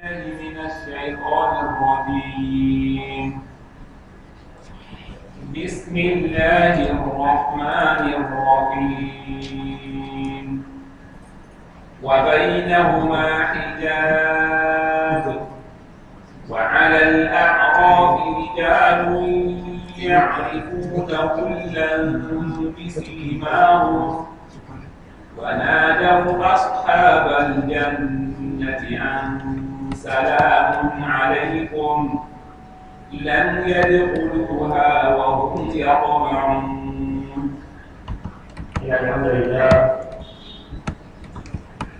من الشيطان الرجيم بسم الله الرحمن الرحيم وبينهما حجاب وعلى الأعراف رجال يعرفون كلا بسيماهم ونادوا أصحاب الجنة أن سلام عليكم لم يدخلوها وهم يطمعون الحمد لله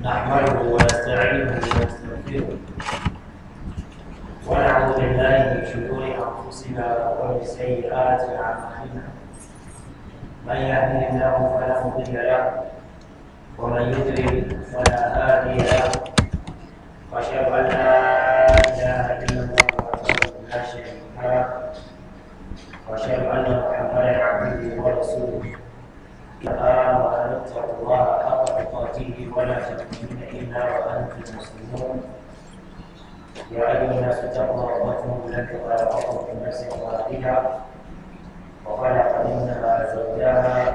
نحمده ونستعينه ونستغفره ونعوذ بالله من شرور أنفسنا ومن سيئات أعمالنا من يهده الله فلا مضل له ومن يضلل فلا هادي له وأشهد أن لا إله إلا الله وحده لا شريك له وأشهد أن محمدا عبده ورسوله الآن وأن اتقوا الله حق تقاته ولا تموتن إلا وأنتم مسلمون يا أيها الناس اتقوا ربكم الذي خلقكم من نفس واحدة وخلق منها زوجها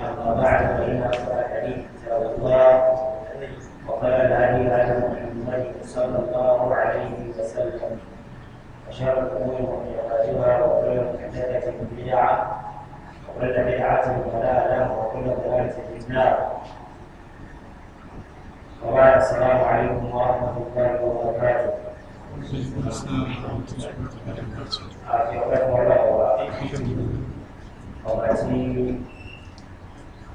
أما بعد فإن أصدق الحديث الله وخير الهدي محمد صلى الله عليه وسلم وشر الأمور محدثاتها وكل محدثة بدعة وكل بدعة ضلالة وكل ضلالة في النار وبعد السلام عليكم ورحمة الله وبركاته. وعليكم السلام ورحمة الله وبركاته. وبركاته. وبركاته.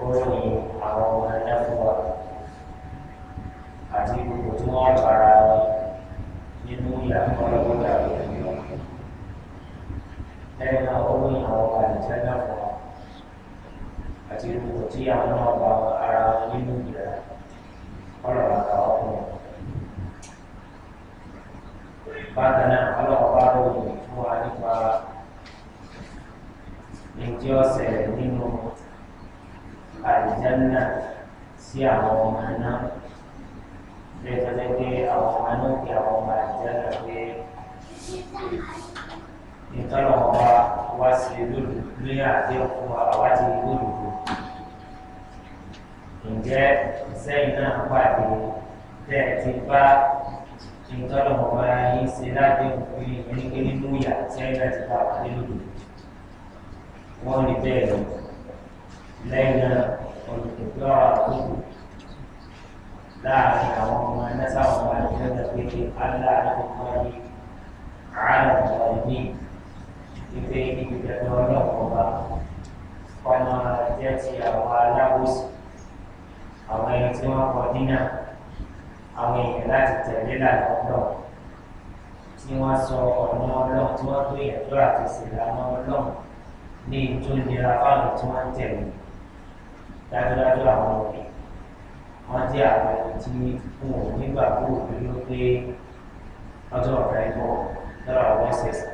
lórí àwọn ọmọ ẹlẹ́fọ̀ọ́ àti gbogbo tí wọ́n bára nínú ìyá ọlọ́gbọ́n dàbí ẹ̀mí àti gbogbo tí àwọn náà bá ara nínú ìyá ọlọ́run àkàwọ́ fún bákan náà ọlọ́run ròyìn fún wa nípa ìdí ọ̀sẹ̀ nínú ọmọ àlùjáná sí àwọn ọmọ náà bẹ́ẹ̀ tó jẹ́ pé àwọn ọmọ náà kí àwọn ọmọ àlùjáná pé ìtọ́nà wa wá sí lódò ní àdéhùn àwa ti lódò ǹjẹ́ sẹ́yìn náà pàdé tẹ́ ẹ ti bá ìtọ́nà ọba yín ṣe ládéhùn pé oníkéré mú ìyà sẹ́yìn náà ti bá wà lódò wọ́n rí bẹ́ẹ̀ lọ́wọ́ lẹ́yìn olùdókòwò láàrin àwọn ọmọ ẹ̀mẹ́ta ọmọ àdúgbò pé aláàbòmọ́ni àlàmọ́ni ìpè ìgbìyànjú ọlọ́kọ̀ọ́ba ọmọ jẹ́ ti àwọn aláwòsì àwọn ẹni tí wọ́n kọ dínà àwọn èèyàn láti tẹ̀lé làlọ́dọ̀ tí wọ́n sọ ọ̀nà ọlọ́run tí wọ́n gbé ìyàtọ̀ àti ìsìlámọ́ ọlọ́run ní ìtúndínláfàlù tí wọ́n tẹ̀lé dájúdájú àwọn ọ̀rẹ́ wọ́n jẹ́ àwọn ẹni tí wọn ò nígbà tó òbínú pé ọjọ́ ọ̀gá ẹ̀kọ́ lọ́rọ̀ àwọn ṣẹ̀ṣẹ̀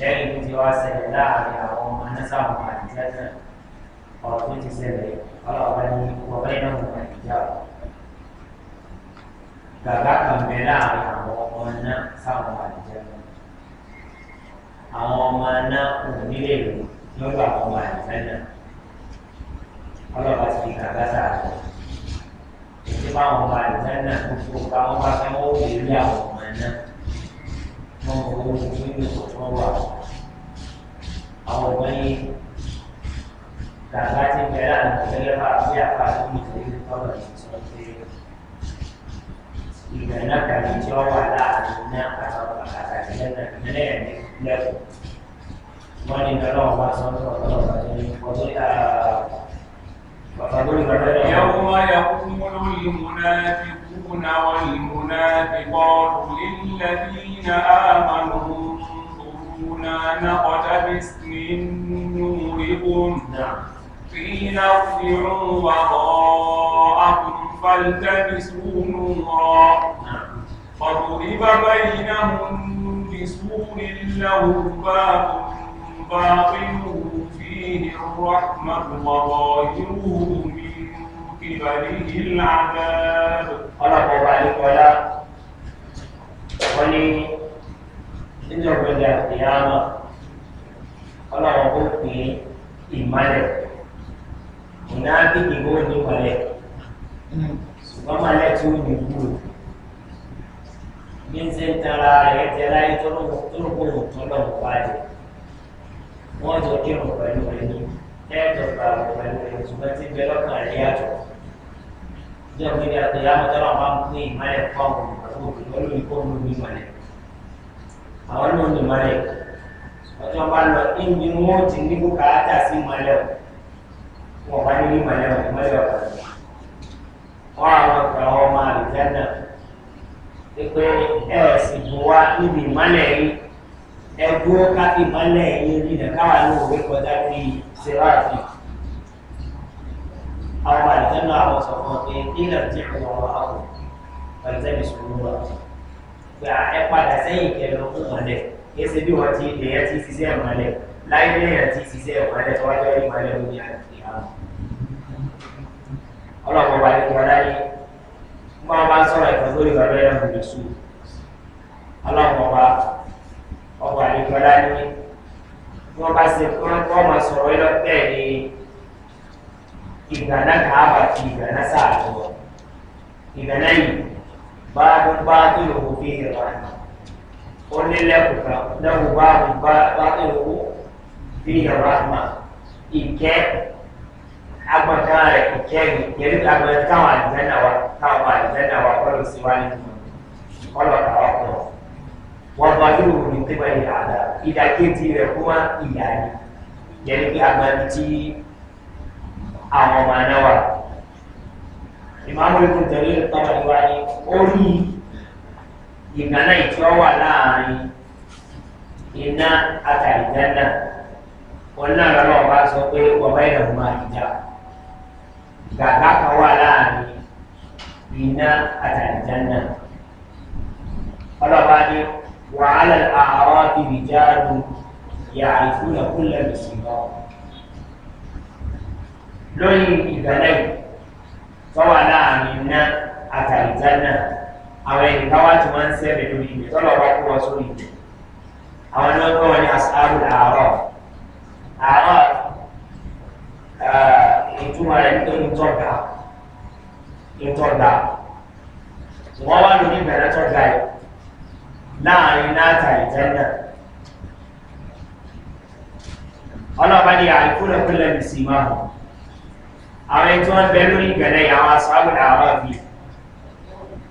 lẹ́yìn tó ti ṣẹlẹ̀ láàrin àwọn ọmọ anásáwọn àdìjẹ́sẹ̀ ọ̀rọ̀ tó ti ṣẹlẹ̀ ọlọ́ọ̀bá ní ọ̀bá iná ọmọ àdìjá gàgá kan bẹ láàrin àwọn ọmọ anásáwọn àdìjẹ́sẹ̀ àwọn ọmọ aná òun nílé ìlú lọ́gbà ọmọ àdìjẹ́sẹ̀ ọlọ́ba ti fi kàga sáàtọ̀ èyí báwọn ọba àdìsẹ́nà gbogbo báwọn bá fẹ́ wọ́n wò lórí àwọn ọmọ náà wọ́n mọ owó gbogbo ní kò tó wà àwọn ọmọ yìí kàga ti bẹ̀rẹ̀ àtẹ̀lẹ́ bá bí àpá tó ń tẹ̀lé ọ̀rọ̀ ìtọ́ pé ìgbà náà kàdé tí ó wà láàrin náà àtàwọn àtàlẹ́ náà ìpínlẹ̀ lẹ́kọ̀ọ́ wọ́n ní ìdáná ọba sọ́ńtọ̀ ọ̀tọ̀ ọ̀tọ̀ ọ̀tọ̀ يوم نعم. يقول المنافقون والمنافقات للذين آمنوا انظرونا نقتبس من نوركم نعم. قيل ارجعوا وراءكم فالتبسوا نورا نعم. فضرب بينهم بسور له باب باطنه فيه الرحمة وظاهره من قبله العذاب خلق ذلك ولا ولي إن ربنا القيامة خلق ربي الملك هناك يقول ملك ṣùgbọ́n máa lẹ́tí ó ní kúrò bí ń ṣe ń tara rẹ̀ jẹ́ láyé tó lóko tó lọ́wọ́ wájú wọ́n jọ kírun pẹ̀lú rẹ̀ ní ẹ̀ẹ́dọ̀ gba pẹ̀lú rẹ̀ ṣùgbọ́n tí bẹ́ẹ̀ lọ́kàn rẹ̀ yàtọ̀. ìjọ gbére àti yàmọ̀tọ́lá máa ń pín ìmọ̀lẹ̀ kọ́ọ̀mù pẹ̀lú òkèlú olórí kọ́ọ̀mù ní ìmọ̀lẹ̀. àwọn ló ní ìmọ̀lẹ̀ ọjọ́ bá lọ níbi wọn ti ní bùkátà sí ìmọ̀lẹ̀ wọn wá ní ìmọ̀lẹ̀ ìmọ̀lẹ̀ ọ̀pọ̀lọpọ̀ wọn àwọn ọ̀pọ̀ àwọn ọmọ àlùjá náà pé ẹ̀ẹ́sì bù wá níbi ìmọ̀lẹ̀ yìí ẹ̀dúró ká ìmọ̀lẹ̀ yìí nínú káwà ní òwe kọjá ní sèràfì àwọn àìjẹ́nà àwọn sọ̀kan pé nílẹ̀ tí ìwọ̀n wọn àwọn pẹ̀lẹ́tẹ́bì sùúrù wọn pé ẹ padà sẹ́yìn kẹlẹ́ fún mọ̀lẹ̀ kìí ṣe bí wọ́n ti lèyàn ti ṣiṣẹ́ mọ̀lẹ̀ láì lèyàn ti ṣiṣẹ́ mọ̀lẹ̀ tó wájọ́ ní mọ̀lẹ̀ lórí àti àwọn ọlọ́pàá wà ní kọlá ọba àdìgbọ́lá ní wọ́n bá ṣe fún wọ́n máa sọ̀rọ̀ yìí lọ́tẹ̀ ní ìgbàna kàába ti ìgbàna sáàtọ̀ ìgbàna yìí bá a dún bá a tó lòwò fi ìrọ̀ àná ó ní lẹ́kùn kan lẹ́kùn bá a dún bá a tó lòwò fi ìrọ̀ àná ìkẹ́ agbọ̀ntàn rẹ̀ ìkẹ́ mi yẹ́nì agbọ̀ntàn àwọn àdìgbẹ́nà wa káwọn àdìgbẹ́nà wa kọ́ ló sì wá nínú kọ́ lọ́ta ọkùnrin wàbáyọ̀ ní pípa ìyá àdá ìdàkejì rẹ̀ kó wá ìyá ni yẹni pé agbábi tí àwọn ọmọ àná wà ìmáàmù ìkùn tẹ̀lé ìpamọ́ ìwà ni ó rí ìgbàna ìtí ọ wà láàrin iná àtàlìjánà wọn náà lọ́nà ọba sọ pé ọba ìrìn ọmọ àdìjà gàgá kan wà láàrin iná àtàlìjánà ọlọ́ba ni. وعلى الأعراف رجال يعرفون كل بسيطة lórí ìgbàlẹ̀ tọ́wà láàrin iná àtàlìjánà àwọn ènìyàn wá ti máa ń sẹ́rẹ̀ lórí ilẹ̀ tọ́lọ̀ bá kó wọn sórí ilẹ̀ àwọn ni wọ́n gbọ́ wọn ní asáàrù àárọ̀ àárọ̀ ìtumọ̀ rẹ̀ tó ń tọ́ga ń tọ́ga wọ́n wá lórí ìgbàlẹ̀ tọ́ga yìí láàrin náàtà ìjẹ́nà ọlọ́ba ni àìkúrò pínlẹ̀ ní sí máa hàn àwọn ẹni tí wọ́n bẹ lórí ìgbẹ̀lẹ̀ àwọn aṣáájú àwọn ọ̀bí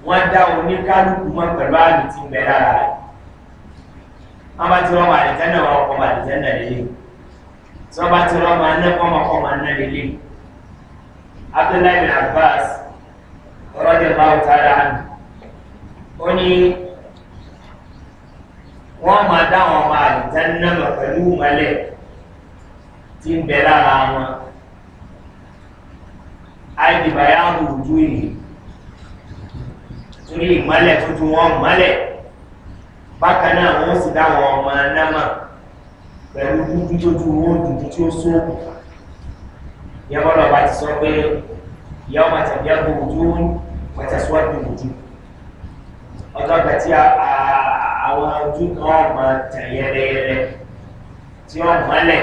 wọ́n dá oníkálukú mọ́ pẹ̀lú àmì tí ń bẹ lára rẹ̀ wọ́n bá ti rọ́ ọmọ àdìjẹ́nà wọn ọkọ̀ ọmọ àdìjẹ́nà lélẹ̀ tí wọ́n bá ti rọ́ ọmọ anákọ́ ọmọ ọkọ̀ ọmọ aná lélẹ̀ abdullahi bin abbas rọ́jẹ̀ báwo tára àmì wọ́n máa dá wọn máa jẹ́nàmà pẹ̀lú mọ́lẹ̀ tí ń bẹ lára wọn àìdìbàyà rújú yìí torí ìmọ́lẹ̀ tuntun wọn mọ́lẹ̀ bákan náà wọ́n sì dá wọn ọmọ náà pẹ̀lú dúdú tójú wọn dúdú tí ó sóògùn yẹ́bọ́lọ̀ bá ti sọ pé ìyá ọmọ tàbí àgbò ojú wọn pàtàkì wọ́n ọjọ́ gbà tí a àwọn ojú kan máa tàn yẹrẹyẹrẹ tí wọ́n mọ́lẹ̀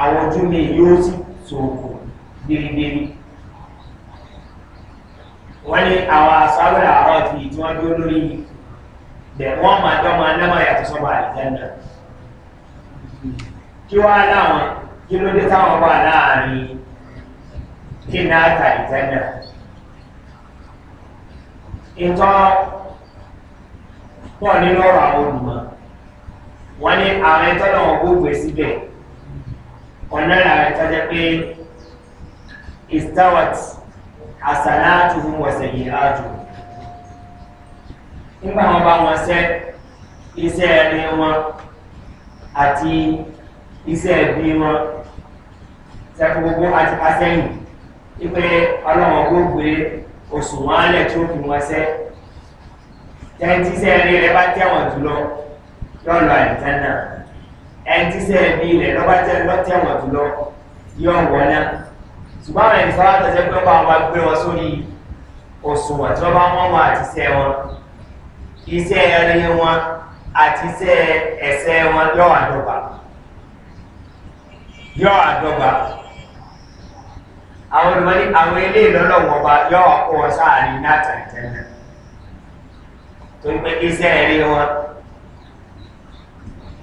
àwọn ojú mi yóò sì sòkò gbérígbérí wọ́n ní àwọn asáwẹ̀rẹ̀ àárọ̀ ti tí wọ́n dúró lórí yìí bẹ̀ wọ́n máa dọ́mọ anámọ̀ yàtọ̀ sọ́ba àlìjáná kí wọ́n á láwọn kí ló dé táwọn wà láàrin kí náà ta àlìjáná ìtọ́ pọ̀ nínú ọ̀rọ̀ àwọn olùmọ̀ wọ́n ní àwọn ẹ̀tọ́ náà wọ́n gbogbo síbẹ̀ ọ̀nà àwọn ẹ̀tọ́ jẹ́ pé istawat asalaatu wọ̀sẹ̀ yìí ájú nígbà wọn bá wọn sẹ́ iṣẹ́ ẹni wọn àti iṣẹ́ ẹbí wọn sẹ́kọ̀ gbogbo àti asẹ́yìn wípé ọlọ́wọ́n gbogbo òṣùwọ̀n alẹ̀ tó fi wọn sẹ́ ẹ̀ntí sẹ́ẹ̀rí rẹ̀ bá tẹ̀wọ̀n jùlọ yóò lọ àìtánà ẹ̀ntí sẹ́ẹ̀rí rẹ̀ lọ́bá tẹ̀wọ̀n jùlọ yóò wọ́nà ṣùgbọ́n àwọn ẹ̀ntí sọ́wọ́ tẹ̀sẹ̀ pé wọ́n bá gbé wọn sórí òṣùwọ̀n tí wọ́n bá wọ́n wọn àti sẹ́ wọn iṣẹ́ ẹ̀rí wọn àti iṣẹ́ ẹ̀sẹ̀ wọn yóò àdọ́gba yóò àdọ́gba àwọn olùmọ̀ àwọn ilé ìlọ́lọ́wọ́ ọba yóò kó sáà ní látàrí torí pé iṣẹ́ rí wọn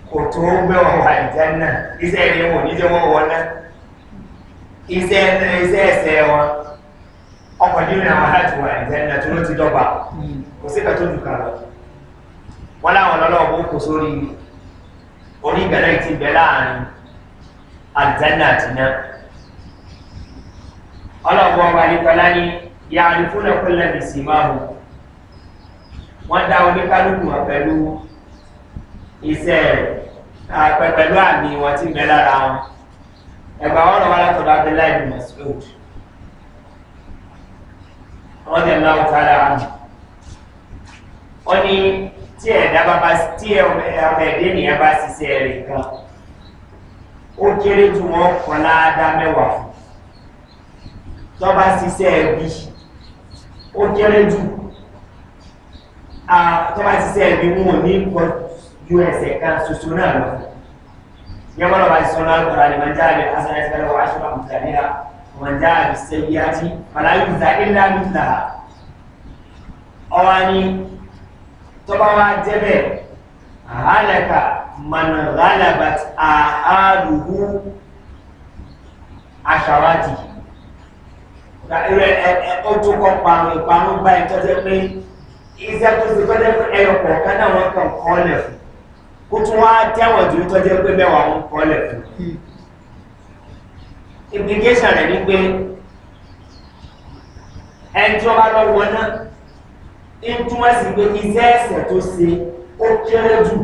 kò tó gbé wọn wà ìjánà iṣẹ́ rí wọn níjẹ́ wọn wọlé iṣẹ́ iṣẹ́ ẹsẹ̀ wọn ọkọ̀ nínú àwọn láti wà ìjánà tó ló ti dọ́gba kò sí kàtó jù kàrọ̀ wọn láwọn lọ́lọ́wọ́ kò sórí onígbẹ̀rẹ̀ ti bẹ̀ láàrin àjánà àti náà ọlọ́wọ́ wa ní pẹ́lá ní yàrá fúnlẹ̀kúnlẹ̀ ní sìmáhùn wọ́n dá oníkálukú wọn pẹ̀lú iṣẹ́ rẹ̀ pẹ̀lú àmì wọn tí bẹ lára wọn ẹgbà wọn lọ wá látọ̀dọ̀ abdullahi bin masoud wọn lè lọ ọ̀tá lára wọn ni tí ẹ̀dá bá bá tí ọmọ ẹ̀dẹ́ nìyẹn bá ṣiṣẹ́ rẹ̀ kan ó kéré ju wọn kan láàdá mẹ́wàá fún tọ́ bá ṣiṣẹ́ bí ó kéré jù tó bá ti sẹ́ẹ̀ bí wọn ò ní kọ ju ẹsẹ̀ kan ṣoṣo náà lọ. yẹ́wọ́n lọ́ba ti sọ́nà àgbọ̀rọ̀ àlèmọ́jà rẹ̀ asàlẹ̀ ìfẹ́lẹ́ wàá ṣọ́nà mùtàlẹ́yà ọmọdé àbísẹ́yí àti fàlàyìntà ilá mìtà. ọwọ́ ni tọ́ba wa jẹ́bẹ̀ àhálẹ̀ka manalabat àhálùhù àṣàwátì. ọjọ́ kan parun ìparun gbá ẹ̀ pé iṣẹ́ tó ti pẹ́jẹ́ pé ẹyọ kọ̀ọ̀kan náà wọ́n kàn kọ́lẹ̀ fún kó tún wá tẹ́wọ̀n ju tọ́jẹ́ pé mẹ́wàá wọn kọ́lẹ̀ fún implication rẹ̀ ni pé ẹni tí wọ́n bá lọ wọn náà ń túmọ̀ sí pé iṣẹ́ ẹ̀sẹ̀ tó ṣe ó kéré jù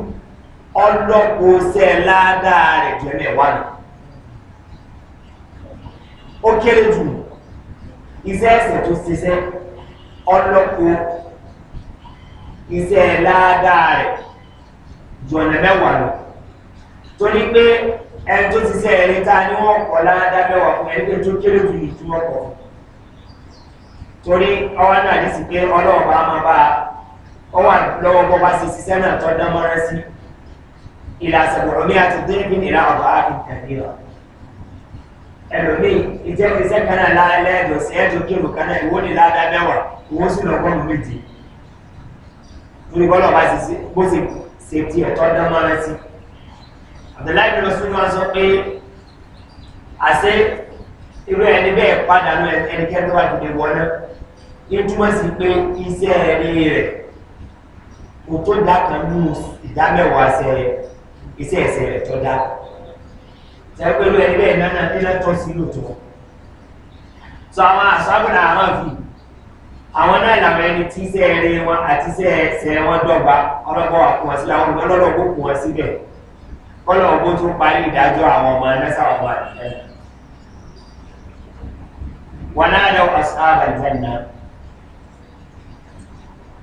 ọlọ́pọ̀ ṣẹ́ ládàá rẹ̀ jẹ́ mẹ́wàá nù ó kéré jù iṣẹ́ ẹ̀sẹ̀ tó ṣiṣẹ́ ọlọ́pọ̀ iṣẹ́ ládàá rẹ̀ jọ̀nà mẹ́wàá lọ torí pé ẹni tó ti sẹ́ ẹni ta ni wọ́n kọ́ ládàá mẹ́wàá fún ẹni tó kéré jù ní tí wọ́n kọ́ torí ọwọ́ náà ní sí pé ọlọ́ọ̀bá máa bá ọwọ́ lọ́wọ́ bọ́ bá ṣe ṣiṣẹ́ náà tọ́ dán mọ́rán sí ìlà sàbọ̀rọ̀mí àti dínbí ìlà ọ̀bá ìtàgé rẹ̀ ẹlòmíì ìjẹ́ ìṣẹ́ kan náà láàlẹ́ ẹ̀dọ̀sẹ̀ ẹ̀dọ̀ kérò kan náà ìwọ́n ni ládàá mẹ́wàá ìwọ́n sì lọ́gbọ́n méje ní bọ́lá bá ti sí bó ti ṣe ti ẹ̀tọ́ dámọ́ra sí abdullahi bin rasul wa sọ pé àṣẹ irú ẹni bẹ́ẹ̀ padà lọ ẹnikẹ́ni tó wà nílé wọlé ní túmọ̀ sí pé iṣẹ́ rí rẹ̀ kò tó dá kan nú ìdámẹ́wàá iṣẹ́ ẹ̀sẹ̀ rẹ̀ tó dá sẹ́pẹ́lú ẹni bẹ́ẹ̀ náà nílẹ̀ tó sí lòtọ́ sọ àwọn àṣàbùnà àwọn fìdí àwọn náà làwọn ẹni tí iṣẹ́ eré wọn àti iṣẹ́ ẹsẹ̀ wọn dọ́gba ọlọ́gbọ́n wà fún wọn sí làwọn ọlọ́gbọ́n kù wọn síbẹ̀ kọ́lọ̀ ọgbọ́n tó parí ìdájọ́ àwọn ọmọ ẹlẹ́sà ọmọ àtijọ́ wọn náà lọ ọ̀sán àbàjẹ́ náà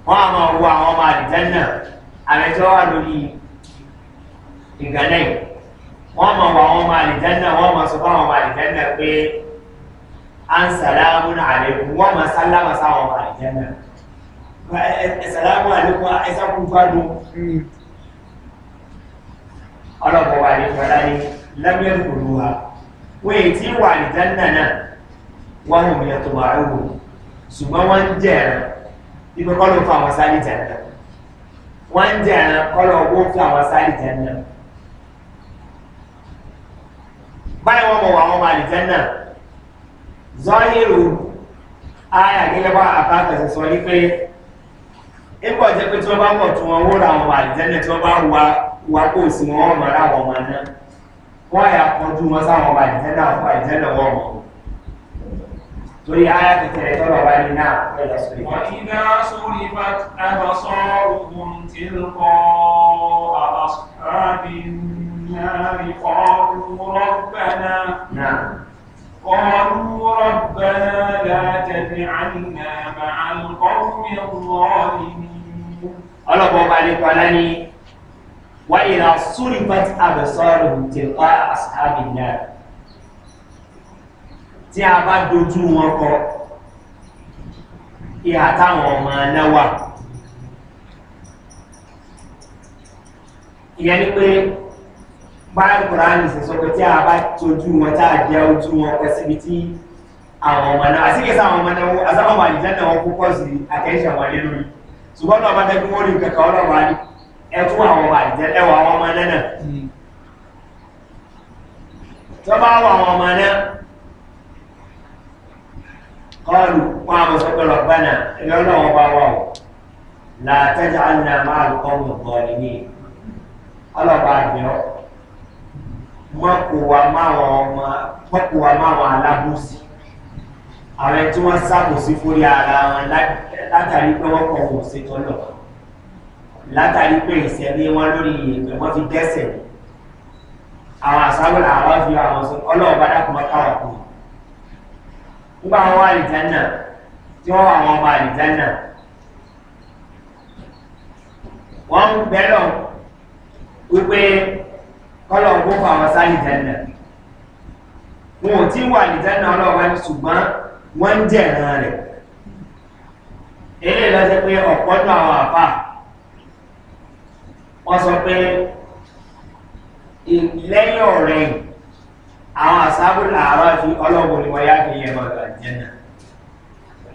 wọn a máa wo àwọn ọmọ àtijọ́ náà àrẹ́jọ́ wà lórí ìgànnà yìí wọn àwọn ọmọ àtijọ́ náà wọn a máa àwọn ọmọ àtijọ́ náà pé an salamun alaikum wọ́n ma sálámà sáwọn ọmọ àìjẹ́nà salamun alaikum ẹsẹ́kùn fádùn ọlọ́pọ̀ wà ní fọ́lá ní lẹ́gbẹ̀ẹ́ kòrò ha wọ́n èyí tí wà ní jẹ́nà náà wọ́n mú yẹ tó máa rúgbò ṣùgbọ́n wọ́n ń jẹ́ ẹ̀rọ ibi kọ́ ló fa àwọn sáré jẹ́nà wọ́n ń jẹ́ ẹ̀rọ kọ́ lọ owó fún àwọn sáré jẹ́nà báyìí wọ́n mọ̀ wọ́n mọ̀ zọ́yìnrù ayà gẹ́gẹ́ bá àbákàtà sọ ní pé ẹgbọ́ jẹ́ pé tí wọ́n bá mọ̀ tí wọ́n wúra wọn àdìjẹ́lẹ̀ tí wọ́n bá wà kó sí wọn wọ́n mọ̀ra wọn mọ̀ náà wọ́n àyà kọjú wọn sáwọn àdìjẹ́lẹ̀ àwọn àdìjẹ́lẹ̀ wọ́n mọ̀ torí na kékeré tọ́lọ̀ wá ní náà ẹ̀yà sórí. wọ́n ti dá sórí bá abasọ́ ogun tí قالوا ربنا لا تجعلنا مع القوم الظالمين الله عليك ولني وإذا صرفت أبصارهم تلقاء أصحاب النار tí a bá dojú wọn kọ ìhà táwọn ọmọ náwà ìyẹn ni pé báyìí kùránì sì sọ pé tí a bá tójú wọn tá a jẹ ojú wọn pẹ síbi tí àwọn ọmọ náà àti kẹsàn àwọn ọmọ náà wọn àtàwọn ọmọ àdìjẹ náà wọn kó pọ sí àtẹnṣẹ wọn lé lórí ṣùgbọ́n náà bá dẹ́kun wọn rí kẹkẹ ọlọ́wọ́ á ní ẹ àwọn ọmọ àdìjẹ ẹwà àwọn ọmọ náà hmm. tó bá wà àwọn ọmọ náà kọlù wọn àwọn sọpẹlọ gbànà ẹgbẹ ọlọ́wọ́ bá wà ó làtẹ́jà àná máa lùkọ́ mọ̀ mọ́kùwà máwọn alábòsí àwọn tí wọ́n sábòsí fórí ara wọn látàrí pé wọ́n kọ̀ wọ́n ṣètò lọ látàrí pé ìṣẹ̀lẹ̀ wọn lórí ìyẹ̀pẹ̀ wọ́n fi dẹ́sẹ̀ àwọn àṣàwòrán àwọn fi àwọn sọ ọlọ́ọ̀bá dákùnmọ́ káwà kù nígbà wọn wà àlìjánà tí wọ́n wà wọn ọmọ àlìjánà wọ́n ń bẹ́rọ̀ wípé kọ́lọ̀ fún àwọn sáà wọn ò tí wà nìjẹ́nà ọlọ́wọ́ ṣùgbọ́n wọ́n ń jẹ̀ràn rẹ̀ eléyìí lọ́sẹ̀ pé ọ̀pọ̀ àwọn àfà wọ́n sọ pé lẹ́yìn ọ̀rẹ́ àwọn àṣàbò làárọ̀ fi ọlọ́gbọ̀n ni wọ́n yá fi yẹn lọ́dọ̀ àjẹ́nà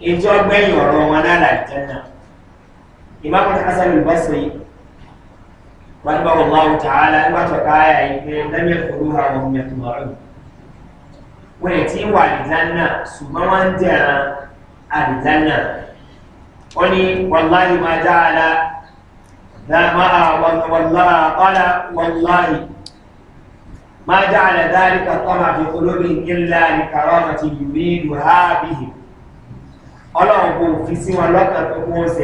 ìjọ gbẹ̀yìn ọ̀rọ̀ wọn náà làjẹ́nà ìbámu hasan رحمه الله تعالى ما تكايا لم يدخلوها وهم يطمعون ويتي والدنا ثم وانجا الدنا وني والله ما جعل ذا ما والله قال والله ما جعل ذلك الطمع في قلوبهم إلا لكرامة يريدها بهم ọlọ́run kò fi sí wọn lọ́kàn tó kún ó sì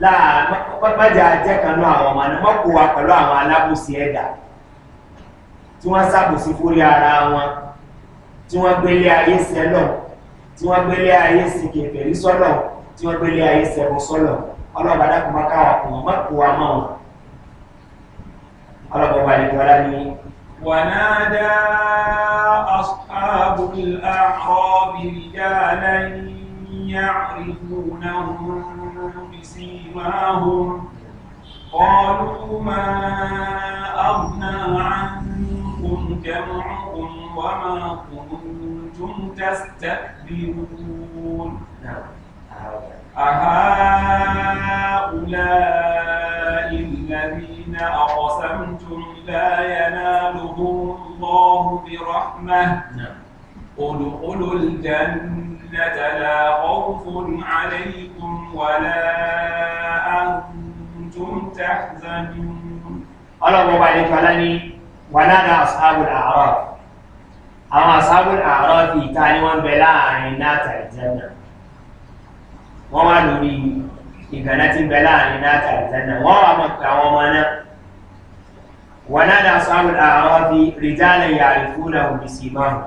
láàmọ́jà jẹ́ kanú àwọn ọmọ náà mọ́kò wa pẹ̀lú àwọn alábòsí ẹ̀dà tí wọ́n sábòsí fórí ara wọn tí wọ́n gbélé ayé sẹ́lọ̀ tí wọ́n gbélé ayé sí kẹfẹ̀rí sọ́lọ̀ tí wọ́n gbélé ayé sẹ́bọ̀ sọ́lọ̀ ọlọ́ba dákùnmá káwà kùn wọ́n mọ́kò wa mọ́ wọn ọlọ́ba wà ní ọlá ní. ونادى أصحاب الأعراب رجالا يعرفونهم بسيماهم قالوا ما أغنى عنكم جمعكم وما كنتم تستكبرون أهؤلاء الذين أقسمتم لا ينالهم الله برحمة نعم. ادخلوا الجنة العزة لا خوف عليكم ولا أنتم تحزنون الله عليك ولاني ولنا أصحاب الأعراف أما أصحاب الأعراف كانوا وان بلا عينات الجنة وما نريد إذا نتي بلا عينات الجنة وما مكة وما ونادى أصحاب الأعراف رجالا يعرفونه بسيماهم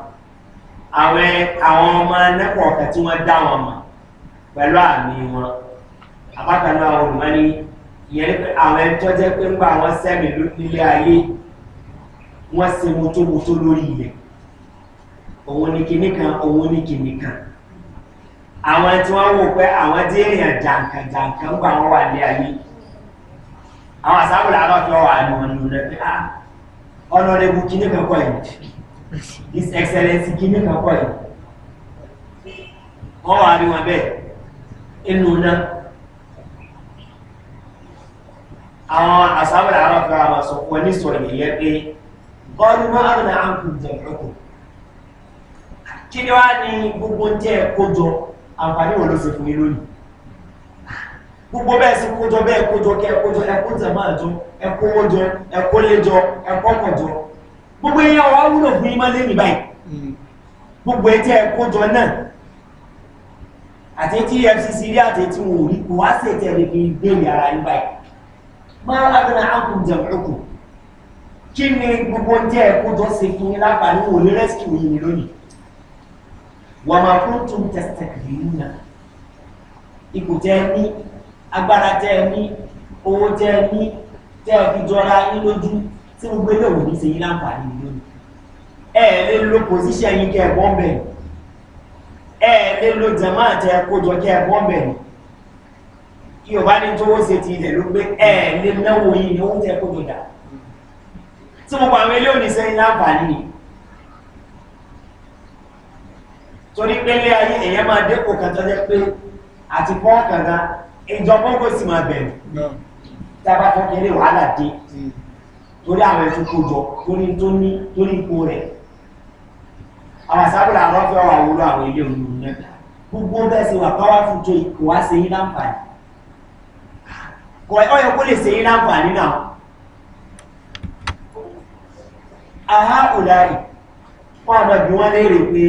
àwọn àwọn ọmọ nẹ́kọ̀ọ̀kan tí wọ́n dá wọn mọ̀ pẹ̀lú àmì wọn apákanú àwọn olùmọ́ni ìyẹn pé àwọn ẹjọ́ jẹ́ pé ń àwọn sẹ́mi nílé ayé wọ́n se lórí ilẹ̀ òun ni kan òun ni kan àwọn tí wọ́n wò pé àwọn dé èèyàn jàǹkàjàǹkà ń gba wọn wà ní ayé àwọn àsáwòlá àlọ́ fi ọwọ́ àánú wọn ah, lò lẹ́pẹ́ his excellence kìíní kan kọ́ yìí wọ́n wá rí wọn bẹ́ẹ̀ inú náà àwọn àsáwìrì àrọ́gbà àwọn sọ̀kọ́ ní sọ̀rọ̀ ìyẹn pé gọ́ọ̀lù máa ń rìn àǹkù jẹ̀mọ́kù kí ni wá ní gbogbo jẹ́ kójọ àǹfààní wọn ló fi fún yín lónìí gbogbo bẹ́ẹ̀ sí kójọ bẹ́ẹ̀ kójọ kẹ́ kójọ ẹkó jẹ̀mọ́ àjọ ẹkó wọ́jọ ẹkó léjọ ẹkó kọ̀jọ gbogbo èèyàn wá wúlò fún yín mọ́ lé mi báyìí mm. gbogbo ẹ̀ tí ẹ kójọ náà àti tí fcc rí àti tí wọn ò rí kò wá sí ètò ẹ̀rẹ̀ kì í béèrè ara yín báyìí máa lágbára àkùn jẹ̀mọ́kù kí ni gbogbo tí ẹ kójọ ṣe fún yín lápàánú wò ní rẹ́síkì òyìn lónìí wà máa kún tún tẹ̀sítẹ̀ kìlínú náà ipò tẹ́ ní agbára tẹ́ ní owó tẹ́ ní tẹ́ fi jọra yín lójú tí gbogbo ilé òní ṣe yí láǹfààní lónìí ẹ lè lo pòsíṣẹ́ yín kẹ́ ẹ̀ bọ́ bẹ̀ ẹ lè lo jẹ̀máà tẹ kójọ kẹ́ ẹ̀ bọ́ bẹ̀ yorùbá ní tówó ṣe ti ilẹ̀ ló pé ẹ lè náwó yín ní owó tẹ kójọ dà tí gbogbo àwọn ilé òní ṣe yí láǹfààní torí pé ilé ayé èèyàn máa dẹ́kọ̀ kan tó jẹ́ pé àti pọ́ǹkàn kan ìjọba ó sì máa bẹ̀rù tá a bá fọ́ kéré wàhálà dé. Hmm torí àwọn ètò kójọ torí tó ní torí ipò rẹ̀ àwọn sábìlà àrọ́fẹ́ wà wúlò àwọn ilé òun ní ẹ̀ka gbogbo bẹ́ẹ̀ sí wà powerful tó kò wá se yín láǹfààní kò ọyọ kó lè se yín láǹfààní náà aha òlàrí wọn àmọ bí wọn léèrè pé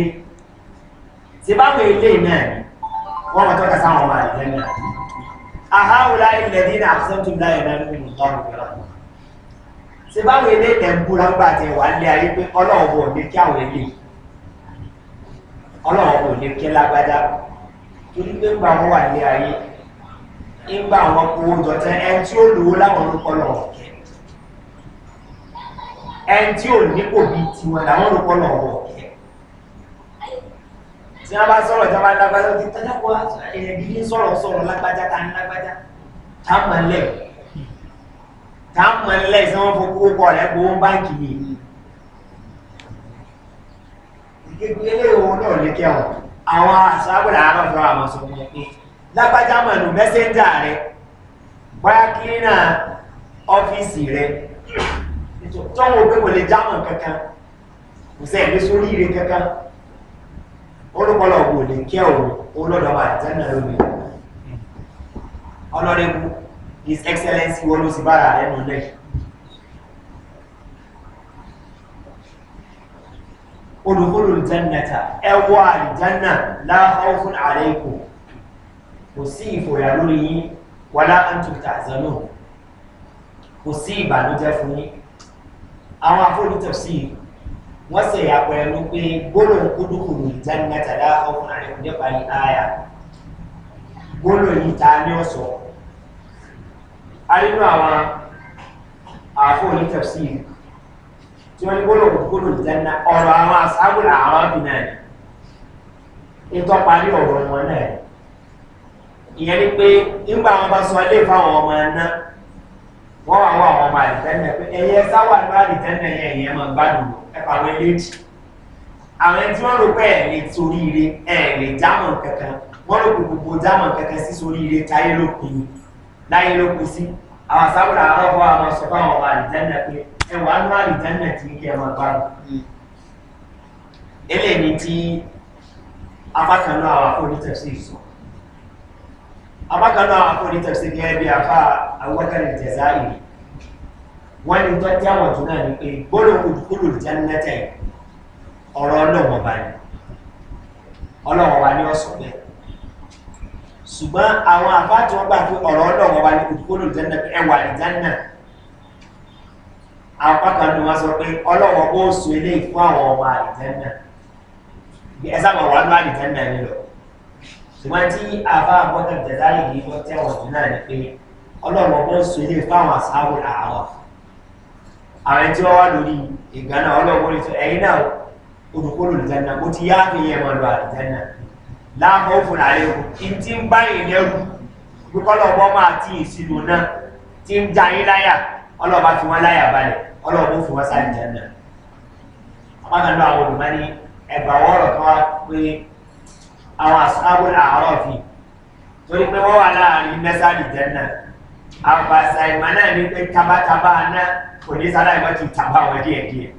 ṣe báwọn ilé náà ni wọn mọ tọ́ka sáwọn ọmọ àìlẹ́yìn aha òlàrí lẹ́dínà àti sẹ́ńtùm láyé náà ló ń bọ̀ ọ́ ṣe báwọn ilé tẹ̀gbúra gbà tẹ̀ wà lé ayé pé ọlọ́ọ̀bù ò ní kí àwọn ilé ọlọ́ọ̀bù ò ní kí lágbádá torí pé ń bá wọn wà lé ayé ń bá wọn kó jọ tẹ ẹni tí ó lòó láwọn orúkọ lọ́wọ́ kẹ ẹni tí ò nípò bíi tiwọn làwọn orúkọ lọ́wọ́ kẹ tí wọ́n bá sọ̀rọ̀ ìjọba lágbájá ti tẹ́lẹ̀ kó ẹ̀yẹ̀ sọ̀rọ̀ sọ̀rọ̀ lágbájá ta ní lágbájá tá a mọ̀ lẹ́yìn tá a mọ ẹlẹ́ ìsẹ́ wọn fún kókó rẹ̀ gbowó báńkì yìí ìgbégbé ilé ìwọ̀n náà lè kẹ́ wọn àwọn àṣàbùdà àrọ̀fọ́ àwọn sọ wọn pé lágbájá mọ̀nù mẹ́sẹ́ńdà rẹ bóyá kílínà ọ́fíìsì rẹ tọ́wọ́ pé kò lè jámọ̀ kankan kò sẹ́ẹ̀ lé sórí ire kankan olùkọ́lọ̀ kò lè kẹ́ òun olódọ́wà àtẹ́nà lómi ọlọ́rẹ́kù his excellence wọn ló sì bára rẹ̀ nù lẹ̀. olùkúlù jannata ẹwọ àìjánà láàáwọ̀ fún ààrẹ ikú kò sí ìfòyà lórí yín wọlá àtúntà àzánù kò sí ìbànújẹ́ fún yín àwọn afọ́lùtọ̀ sí wọ́n sì yà pé gbólóhùn kúdùkùrù ìjánata láàáwọ̀ fún ààrẹ ikú arínú àwọn a onítẹ̀sí tí wọ́n ní gbọ́dọ̀ gbọ́dọ̀ jẹ́nà ọ̀rọ̀ àwọn àṣàbùlà awa abìnrin ìtọ́parí ọ̀rọ̀ wọn náà ìyẹn ni pé nígbà wọn bá sọ ilé ìfáwọn ọmọ ẹ̀ná wọ́n wà ire ẹ̀ lè kankan gbogbo kankan láyé ló kú sí àwọn sábà àárọ̀ bọ́ àwọn sọ fáwọn ọmọ àlìjánà pé ẹwà ń wá àlìjánà tí kí ẹ máa gbárùn. Hmm. eléyìí tí apákan náà àwọn akónítẹ̀ sí ìsọ apákan náà àwọn akónítẹ̀ sí gẹ́gẹ́ bí afá awọ́tẹ̀ lè jẹ̀ yìí wọ́n ní tó jẹ́ àwọn jù náà pé gbọ́dọ̀ kúlù jẹ́ nẹ́tẹ̀ ọ̀rọ̀ ọlọ́wọ̀n bá ní ọlọ́wọ̀n bá ní ọ̀sọ̀ bẹ́ẹ̀ ṣùgbọ́n àwọn àbá tí wọ́n gbà pé ọ̀rọ̀ ọ̀dọ̀ wọn wá ní kòtòkòlò ìjánná ẹwà ìjánná apá kan ni wọ́n sọ pé ọlọ́wọ́ bó so eléyìí fún àwọn ọmọ àìjánná ẹ sábà wà lọ àìjánná ni lọ ṣùgbọ́n tí àbá àbọ̀tẹ̀ tẹ̀sán yìí wọ́n tẹ̀wọ̀n jù náà ni pé ọlọ́wọ́ bó so eléyìí fún àwọn àṣàwò àwọn àwọn tí wọ́n wá lórí ìgbà náà ọlọ́wọ́ bó lè sọ ẹ̀yin láàmú fún ààrẹ o in ti ń bá ìrẹ́rù gbígbọ́lọ́gbọ́ máa tí ìsinú náà ti ń ja yín láyà ọlọ́ba fi wọ́n láyà balẹ̀ ọlọ́ba fi wọ́n sáré jẹ́ náà ọmọdé àwọn olùmọ́ ní ẹgbà wọ́ọ̀rọ̀ kan wá pé àwọn àṣàbò àárọ̀ fi torí pé wọ́n wà láàrin mẹ́sàlì jẹ́ náà àbàṣà ìmọ̀ náà ní pé tabataba náà kò ní sáré ìmọ̀ ti tàbá wọn díẹ̀díẹ̀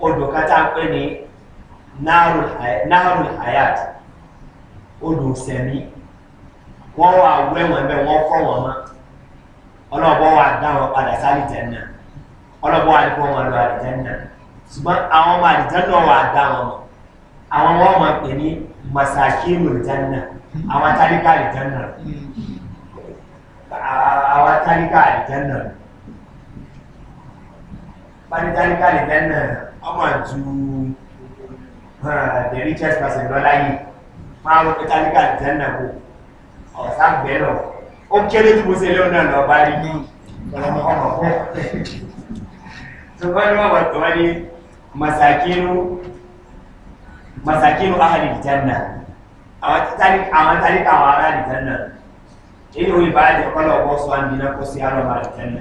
odò kan tá a pè ní naharul hayat odò sẹ̀mí wọ́n wà wẹ́wọ̀n bẹ́ẹ̀ wọ́n fọ́ wọn mọ́ ọlọ́bọ̀ wà dá wọn padà sálì jẹ́nà ọlọ́bọ̀ wà kó wọn lọ àlìjẹ́nà ṣùgbọ́n àwọn ọmọ àlìjẹ́nà wà dá wọn mọ́ àwọn wọn mọ̀ pé ní masakinu àlìjẹ́nà àwọn atálíkà àlìjẹ́nà àwọn atálíkà àlìjẹ́nà pàdé atálíkà àlìjẹ́nà ọmọ ju eh, the richest person lọ láyé máa ń kẹtàlíkà jẹ́nà kó ọ̀sán bẹ́ẹ̀ lọ ó kéré tí mo ṣe lẹ́wọ̀n náà lọ bá rí ní ọmọ ọmọ fún ṣùgbọ́n ní wọ́n tó wọ́n ní masakinu masakinu ahali jẹ́nà àwọn tàlíkà àwọn ará jẹ́nà èyí ò ìbára jẹ́ kọ́lọ̀ ọ̀bọ̀ sọ àmì náà kó sí àrọ̀ bá jẹ́nà.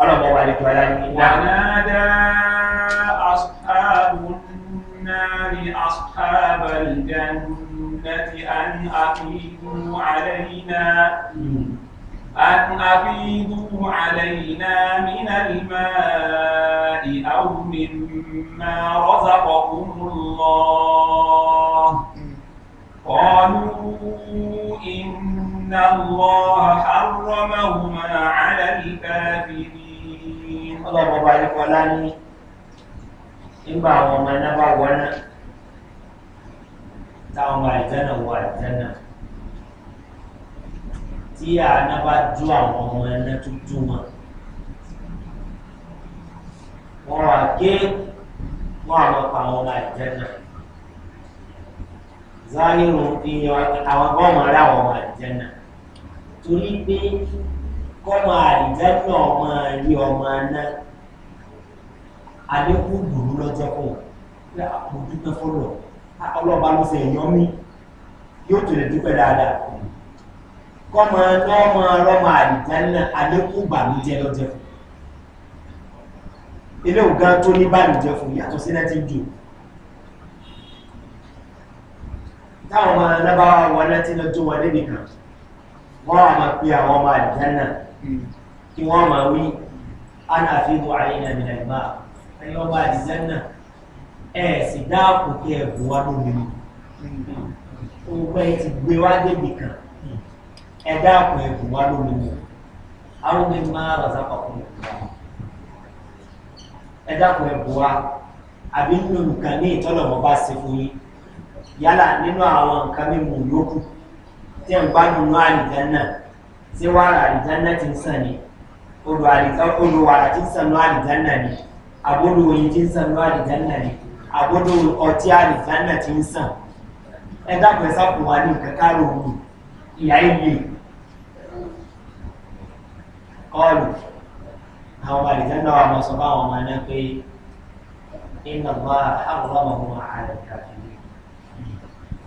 ونادى أصحاب النار أصحاب الجنة أن أفيدوا علينا أن أفيدوا علينا من الماء أو مما رزقكم الله قالوا إن إن الله حرمهما على الكافرين الله مبارك ولاني إما وما نبع ونا táwọn máa ìjánà wọ àjánà tí àná bá jó àwọn ọmọ ẹná tó jó wọn wọn wà gé wọn àwọn pa àwọn ọmọ àjánà záyìrò ìyọ àwọn bọ́ọ̀mù àwọn ọmọ àjánà torí pé kọ́mọ àdìjẹ́nà ọmọ rí ọmọ aná adékù dùrú lọ́jọ́ fún mo dúpẹ́ fọlọ́ ọlọ́ba ló ṣe èèyàn mi yóò tó lè dúpẹ́ dáadáa kọ́mọ aná ọmọ ọlọ́mọ àdìjẹ́nà adékù bàmíjẹ́ lọ́jọ́ fún ilé ògá tó ní bàmíjẹ́ fún yàtọ̀ sí náà ti dùn. táwọn ọmọ alábáwá wọlé tí lọ́jọ́ wọlé nìkan wọ́n á máa pe àwọn ọmọ àdìjánà hmm. kí wọ́n máa wí anáfíìbò àyínà mìíràn bá ẹni ọmọ àdìjánà ẹ̀ sì dáàbò kí ẹ̀ bò wá lómi ni ògbẹ́ hmm. ti gbé wá débì kan ẹ̀ dáàbò ẹ̀ bò wá lómi ni àwọn ọmọ ẹni máa rà sápà fún mi ẹ̀ dáàbò ẹ̀ bò wá àbí nínú nǹkan ní ìtọ́lọ̀mọ́ bá ṣe fún yín yálà nínú àwọn nǹkan mímu yòókù tí ń gbádùn ní àlìjánà tí wàrà àlìjánà ti ń sàn ni olùwàrà ti ń sàn ní àlìjánà ni àbúrò oyin ti ń sàn ní àlìjánà ni àbúrò ọtí àlìjánà ti ń sàn ẹ dákun ẹ sáfù wá ní nǹkan káàró ìyá ilé kọlù àwọn ọmọ wa mọ sọ fáwọn ọmọ náà pé iná bá àwọn ọmọ àwọn àlìkàfẹ́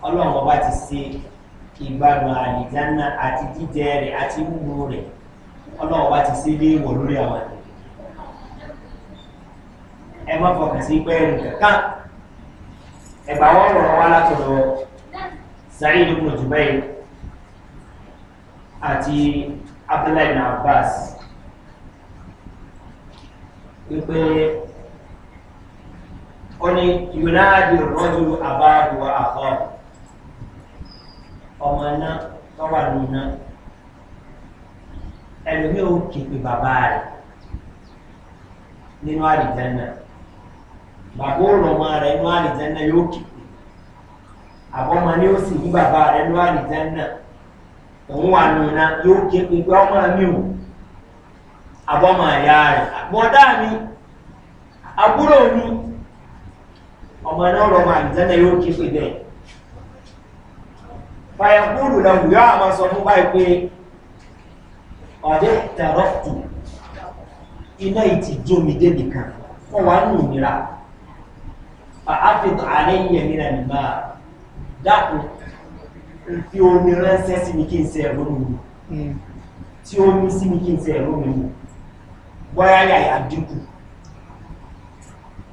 ọlọ́run ọba ti ṣe ìgbàgbọ́ àdìjánà àti jíjẹ rẹ̀ àti wúwo rẹ̀ ọlọ́wọ́ bá ti sílé ìwọ̀ lórí àwọn ẹ̀ ẹ má fọkàn sí pé ẹnu kankan ẹ̀bà wọ́n rọ̀ wá látọ̀rọ̀ saheed mujumai àti abdullahi abbas wípé ó ní yunadi rọ́jò àbáàbò àkọ́ọ̀ ọmọ iná tó wà ní iná ẹlòmíì ò képe bàbá rẹ nínú àlìjẹ́nà bàbá òròmọ rẹ nínú àlìjẹ́nà yóò képe àbọ̀mọ ni ó sì yí bàbá rẹ nínú àlìjẹ́nà òun wà ní iná yóò képe pé ọmọ mi ò àbọ̀mọ ìyá rẹ àbọ̀dá mi àbúrò mi ọmọ náà rọmọ àlìjẹ́nà yóò képe bẹ́ẹ̀ fàyẹ̀kúrù lẹ́wù yọ́ àmà sọ fún báyìí pé ọ̀dẹ́ tẹ̀rọ̀tù iná ìtì jómi débì kan fún wa nù a àáfíìtì ààrẹ yẹn nira nìgbà dákun fi omi ránṣẹ́ sí mi kí n ṣe ẹ̀rọ mi mu hmm. tí omi sí mi kí n ṣe ẹ̀rọ mi mu bọ́yá yàyà dínkù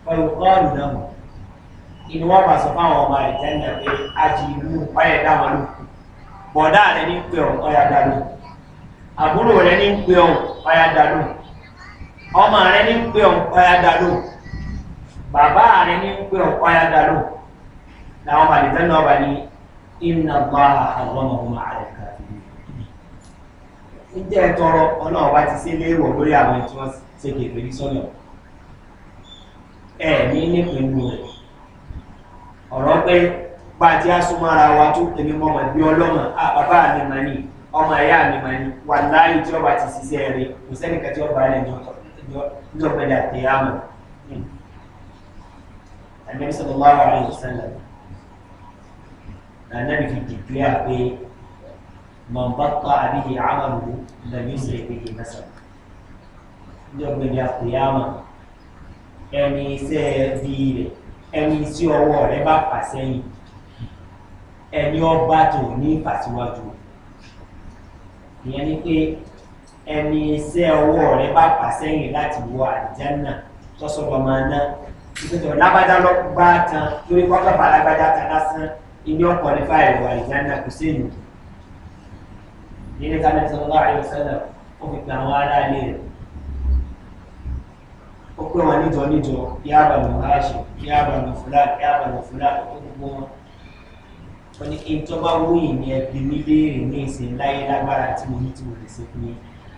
fàyẹ̀kúrù lẹ́wù. inu wọn bá sọ fáwọn ọmọ rẹ jẹ́nà pé ajì ìlú ọyẹ dáwọn lò bọ̀dá rẹ ní pé ọ̀hún ọyà dá lò àbúrò rẹ ní pé ọ̀hún ọyà ọmọ rẹ ní pé ọ̀hún ọyà bàbá rẹ ní pé ọyà làwọn ọba ní àwọn ọmọ ọmọ àrẹ kàfíì níjẹ́ tọrọ ọlọ́ọ̀bá ti léèwọ̀ lórí àwọn ọ̀rọ̀ pé pàtí asúmọ́ra wa tó èmi mọ́ mọ̀ bí ọlọ́mọ ah, àbábá mi mà ní ọmọ ẹ̀yà mi mà ní wà láàyè tí ọba ti ṣiṣẹ́ rẹ kò sẹ́nìkan tí ọba rẹ̀ níjọpẹ̀dà tẹ̀yàmọ̀ ẹ̀mí sọ̀rọ̀ wà láàyè sẹ́lẹ̀ lànàbì fi dìklẹ́ pé mọ̀nbọ́tọ̀ àbíyí àmàlù lẹ́yìn sí ìpèyí mẹ́sàn-án ẹni iṣẹ́ bíi rẹ̀ ẹni tí ọwọ́ rẹ bá fà sẹ́yìn ẹni ọba tó ní ìfàsíwájú ìyẹn ni pé ẹni iṣẹ́ ọwọ́ rẹ bá fà sẹ́yìn láti wọ àjẹ́nà tọ́sọ̀rọ̀ máa ná ìpínlẹ̀ lágbájá lọ bá tan lórí kọ́kọ́ bá lágbájá tan lásán ilé ọkọ̀ ní fáìlì wà àjẹ́nà kò sí ènìyàn. ìdílé kanẹ́tì ọlọ́run àyọ̀sẹ́lẹ̀ ó fi pè àwọn aráalé rẹ̀ ó pé wọn níjọ níjọ yáàbà lọ láàṣẹ yáàbà lọ fúlà yáàbà lọ fúlà ó gbogbo wọn wọn ní kí n tó bá wúyìn ní ẹbí mi léèrè ní ìsìn láyé lágbára tí mo ní tí mo lè ṣe fún yín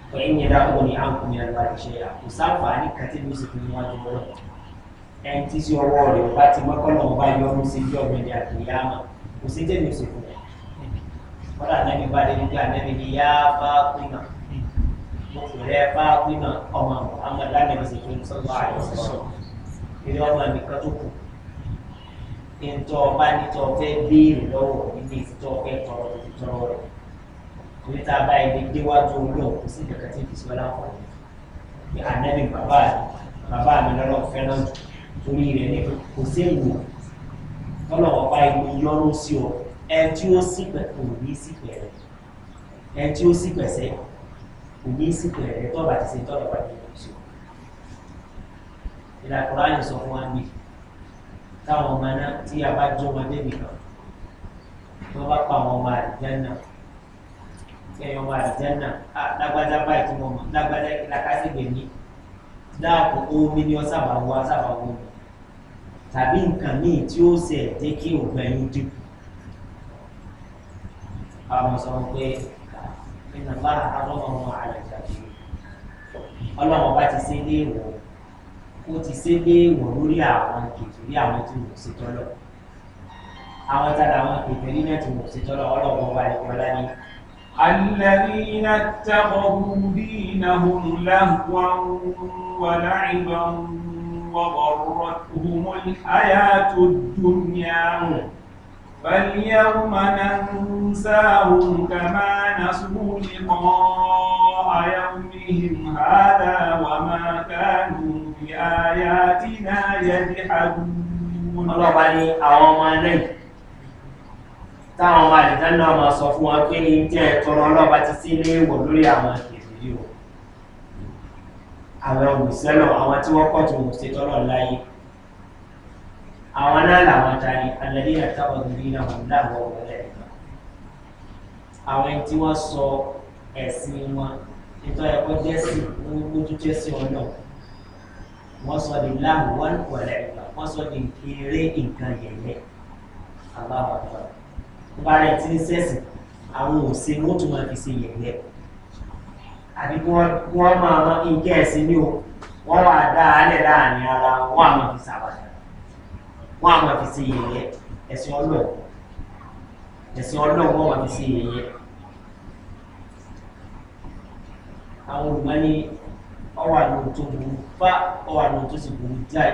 wọn ń yẹra wọn ní àǹkù mi lágbára ìṣe àkó sáfà ní kàtí mi sì fún wọn lọ́wọ́ tí sí ọwọ́ rẹ̀ bá ti mọ́kànlá ọba yọrù sí ilé ọ̀gbìn ní àkèyàmà kò sí jẹ́ mi sì fún wọn. wọn dà nẹ́ni bá dé nígbà nẹ́ni ni yáá bá pín rẹ fáfínà ọmọ muhammad lánàá ṣe fún sọ́wọ́ àìsàn ilé ọmọ nìkan tó kù ntọ́ ọba nítọ́ fẹ́ béèrè lọ́wọ́ nínú ìtọ́ fẹ́ tọrọ tọrọ rẹ̀ torí tá a bá ilé déwájú olóò kò sí ìdàkà tí ìfisí wọn láǹfààní ní ànábì bàbá bàbá mi lọ́nà fẹ́ràn torí rẹ̀ ní kò sí ìwò tọ́lọ̀ ọba ìlú yọ́nú sí ọ ẹ tí ó sì pẹ̀ kò ìgbé ìsìnkú rẹ̀ tó bá ti ṣe tọ́lọ̀ wá ní ìlú ìlà kùránì sọ fún wa ní táwọn ọmọ náà tí a bá jọ́ wọn débi kan tí wọ́n bá pa àwọn ọmọ àdìjánà kẹyìn ọmọ àdìjánà lágbájá báyìí tí wọ́n mọ̀ lágbájá ìlàkásígbè ní dáàbò omi ni wọ́n sábà wọ sábà wọ mi tàbí nǹkan míì tí ó ṣe jẹ́ kí òògùn ẹ̀yìn àwọn sọ pé iná bá àrọ́mọ ọmọ àlàjà ọlọ́run ọba ti ṣe léèwọ̀ ó ti ṣe léèwọ̀ lórí àwọn kìtìrí àwọn tí wọ́n ṣe tọ́lọ̀ àwọn tára àwọn kìtìrí náà tí wọ́n ṣe tọ́lọ̀ ọlọ́run ọba ìjọba ní. الذين اتخذوا دينهم لهوا ولعبا وغرتهم الحياة الدنيا فاليوم ننساهم كما نسوا لقاء يومهم هذا وما كانوا بآياتنا يجحدون ọlọ́ba ní àwọn ọmọ táwọn ọmọ àdìdá náà máa sọ fún wọn pé ní jẹ́ ẹ̀tọ́rọ ọlọ́ba ti sí ilé ìwọ̀ lórí àwọn ìrìn yìí o àwọn òmùsẹ́lọ̀ àwọn tí wọ́n pọ̀ tó òmùsẹ́tọ́lọ̀ láyé àwọn náà làwọn ta ni alẹ́dí àtàwọn ìlú náà wọn láwọn ọ̀rẹ́ àwọn tí wọ́n sọ ẹ̀sìn wọn nítorí ẹ̀kọ́ jẹ́sì wọn lójú jẹ́sì wọn náà wọ́n sọ di láwọn wọn ọ̀rẹ́ wọ́n sọ di eré nǹkan yẹ̀yẹ́ àbáwọ̀ ọ̀rẹ́ bá ń sẹ́sìn àwọn òsè ni tún máa fi ṣe yẹ̀yẹ́ àbí wọ́n máa mọ nǹkan ẹ̀sìn ní o wọ́n wà dáa lẹ̀ láàrin ara wọ́n àmọ́ fi wọn a máa fi ṣe yẹyẹ ẹ̀sìn ọlọ́ọ̀ ẹ̀sìn ọlọ́ọ̀ wọn máa fi ṣe yẹyẹ. àwọn olùmọ̀ ní ọwọ́ àlòrò tó burú fá ọwọ́ àlòrò tó sì burú jáì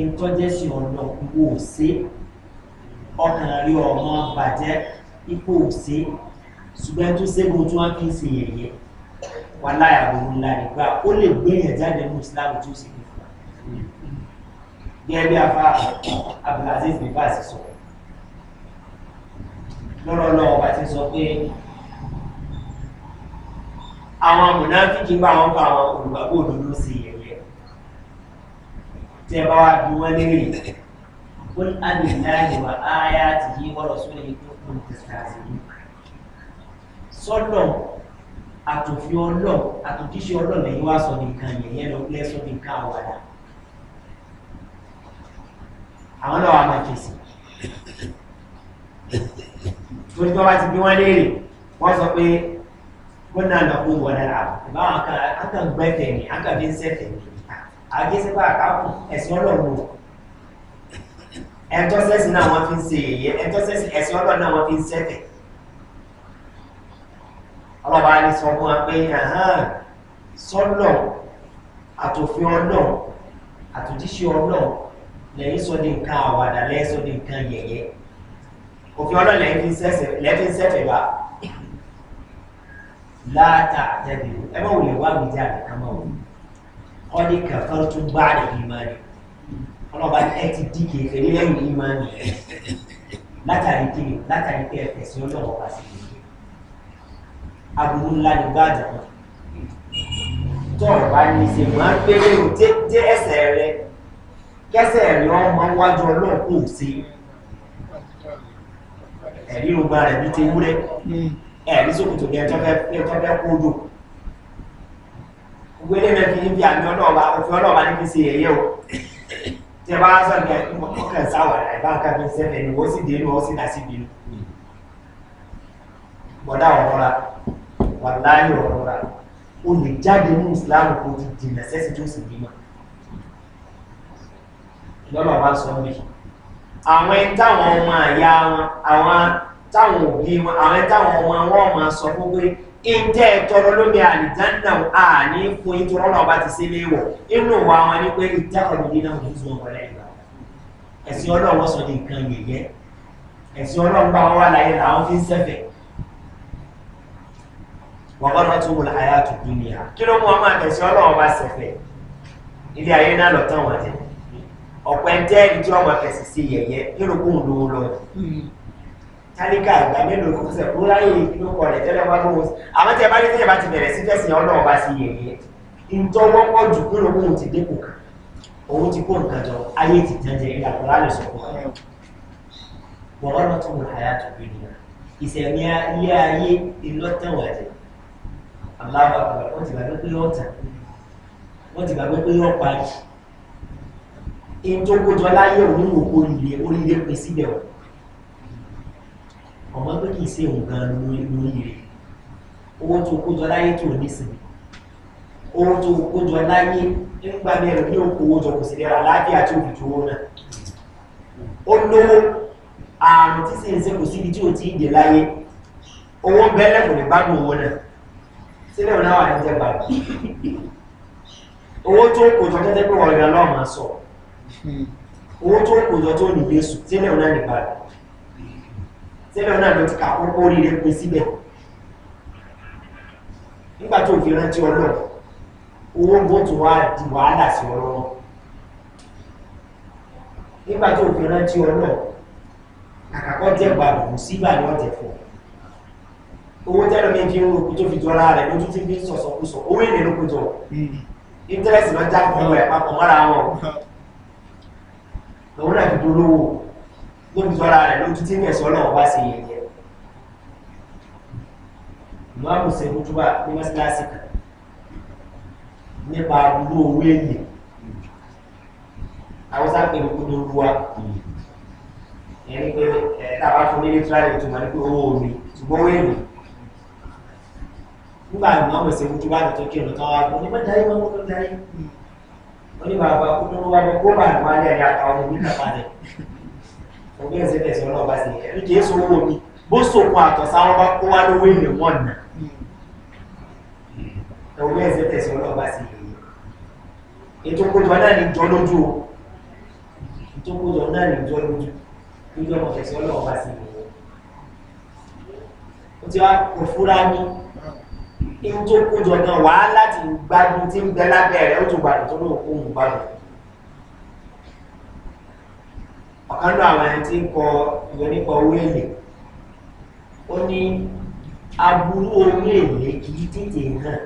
ìtọ́jẹ́sì ọ̀nà ìwò òsè ọkàn rí ọmọ bàjẹ́ ipò òsè ṣùgbọ́n tó ṣẹ́gun tí wọ́n fi ń ṣe yẹ̀yẹ́ wà burú ńlá nígbà ó lè gbé yẹn jáde ní ìsìlámù tó sì gẹ́gẹ́ bí afá abdulaziz bin bá sì sọ lọ́rọ̀ náà ọba ti sọ pé àwọn mùnáfíkì bá wọn bá àwọn olùgbàgbọ́ òdodo sí yẹyẹ tẹ bá wá bí wọn léèrè kún àdìláyè wà áyá ti yí wọ́n lọ sórí ikú kún tẹ̀síláṣí sọ́dọ̀ àtòfin ọlọ́ àtòjíṣẹ́ ọlọ́ lẹ́yìn wá sọ nìkan yẹyẹ lọ lẹ́sọ̀ nìkan àwàdà àwọn náà wà máa fèsì torí tí wọ́n bá ti bí wọ́n léèrè wọ́n sọ pé wọ́n náà lọ kó wọ́n lára ìbá wọn kan àkàn gbẹ́fẹ̀ ni àkàkùn ẹ̀sìn ọlọ́run o náà wọ́n fi ń se èyẹ ẹ̀ńtọ́ ẹ̀sìn ọlọ́run náà wọ́n fi ń sẹ́fẹ̀ ọlọ́ba ni sọ fún wa pé sọ́lọ̀ àtòfin ọlọ́run àtòjíṣẹ́ ọlọ́run lẹ́yìn sọ di nǹkan àwàdà lẹ́yìn sọ di nǹkan yẹ̀yẹ́ òfin ọlọ́run lẹ́yìn fi ń sẹ́fẹ̀ wá láàtà àtẹ̀bí ẹ bá wòlé wá gbèjà àtẹ̀ká máa wò ó ní kẹfẹ́ tún bá àdè ìmánì ọlọ́ba ẹ ti di kẹfẹ́ ní lẹ́yìn ìmánì látàrí kíni látàrí pé ẹ̀fẹ̀ sí ọlọ́wọ́ wá sí ìlú aburú ńlá ni bá àjọ tó ọ̀rọ̀ bá ní í ṣe máa ń péré ẹsẹ̀ rẹ̀ kẹsẹ̀ ẹ̀rí ọmọ wájú ọlọ́run kò sí ẹ̀rí ọgbà rẹ̀ bí tewúrẹ́ hmm. ẹ̀rí sókòtò ní ẹjọ́ fẹ́ kó odò gbélé rẹ̀ fi níbi àmì ọlọ́ọ̀bá òfin ọlọ́ọ̀bá níbi ṣe ẹ̀yẹ́ o tí ẹ bá sọ ní ọkàn sáwàrà ẹ̀ bá ká fi sẹ́fẹ̀ ni wọ́n sì dé inú ọ sì dá sí ọ̀rọ̀ra wà ọ̀rọ̀ra o lè jáde ní ìsìlámù kó ti dìnnà sẹ́sì tó sì bímọ lọ́nà wá sọ bí àwọn ẹni táwọn ọmọ àyà wọn àwọn táwọn òbí wọn àwọn ẹni táwọn ọmọ wọn ọmọ sọ fún pé ìjẹ́ ìtọrọ lómi àlìjánà àní fún ìtọrọ náà bá ti sí ilé wọ̀ inú wa wọn ni pé ìjákọ̀lódé náà kò tún ọ̀rẹ́ ìgbà ẹ̀sìn ọlọ́wọ́ sọ ní nǹkan yẹ̀yẹ́ ẹ̀sìn ọlọ́run bá wà láyé làwọn fi ń sẹ́fẹ̀ wọ́n bá rántí wọn àyà tó dúnìyà kí ló mú ọmọ àtẹ̀sìn ọlọ́run bá sẹ́fẹ̀ ilé ayé náà lọ́tàn wọn tẹ̀lé ọ̀pọ̀ ẹ̀ jẹ́ ẹni tí wọ́n máa fẹ̀sì sí yẹ̀yẹ́ nínú kóhùn lówó lọ hmm. tálíkà ìgbà mélòó kó sẹ̀ kó láyé ìlú kọ̀ rẹ̀ tẹ́lẹ̀ wá lówó àwọn tí ẹ bá ní tí ẹ bá ti bẹ̀rẹ̀ sí fẹ̀sìn ọlọ́run bá sí yẹ̀yẹ́ ìtọ́wọ́ pọ̀ jù pé òun ti dépò kan òun ti kó nǹkan jọ ayé ti jẹjẹ ilé àkùrá lè sọ fún ọ wọ́n wọ́n lọ́tún wọn tó bí ìsẹ̀mí ilé ayé ìlọ́tẹ̀wà jẹ aláwọ̀ àgbà wọ́n ti gbàgbé pé yọ̀ ọ̀tà wọ́n ti gbàgbé pé yọ̀ parí in tó kójọ láyé òun òkú olùlé oríire pín síbẹ̀ ọ̀ ọmọ pé kì í ṣe òun gan lóríire owó tó kójọ láyé tó nísìnyí owó tó kójọ láyé nígbà mẹ́rin ní òkú owó jọ kò sí lẹ́ra láàbíà tí òbí tó wọ́n náà ó lówó àrùn tí sì ń ṣe kò síbi tí ò tí ì dé láyé owó bẹ́lẹ̀ kò ní gbádùn owó náà sílẹ̀ òun náà wà ní jẹ́ owó tó kójọ tẹ́tẹ́ pé wọ́n rẹ̀ lọ́ọ̀ sọ̀rọ̀ Hmm. owó tó kò jọ tó ní jésù sílẹ̀ náà nípa rẹ̀ sílẹ̀ náà ló ti kà kókó oríire pin síbẹ̀ nígbà tó fi rántí owó bó tó wá di wàhálà sí nígbà tó fi rántí ọlọ́run àkàkọ́ jẹ́ síbà owó tẹ́lẹ̀ tó fi jọra rẹ̀ lójú tí fi ń owó èlé ló kó jọ hmm. interest lọ lòun náà fi dolówó níbi tọ́ra rẹ̀ lójú tí mẹ̀sán ọlọ́run wá sí yẹyẹ ìmáàmù sẹ́gun túbà ní mọ́síláṣí kan nípa irú owó èyí àwọn sáà pé kó ló wá ẹni pé ẹ tábà fún ní lítírálì ìtumọ̀ ní pé owó omi ṣùgbọ́n owó èyí nígbà ìmáàmù sẹ́gun túbà tó kí ọ̀nà kan wá gbọ́n nígbà jáde máa wani ba ba kudin ruwa ba ko ba da maliya ya kawo mu nika ba ne òbí ẹsẹ bẹsẹ ọlọba sí ẹni kì í so owó mi bó sokun àtọ̀sáwọn bá kó wá lówó ilé wọn nà òbí ẹsẹ bẹsẹ ọlọba sí ètò kójọ náà ní jọ lójú o ètò kójọ náà ní jọ lójú lójú ọmọ bẹsẹ ọlọba sí o ti wá kò fúra ní in tó kójọ gan wàá láti gbádùn tí ń bẹ lábẹ́ rẹ̀ ó tún gbàdùn tó ló kó òun gbàdùn. ọ̀kan náà àwọn ẹni tí ń kọ ìwé nípa owó èlé ó ní aburú owó èlé kì í tètè hàn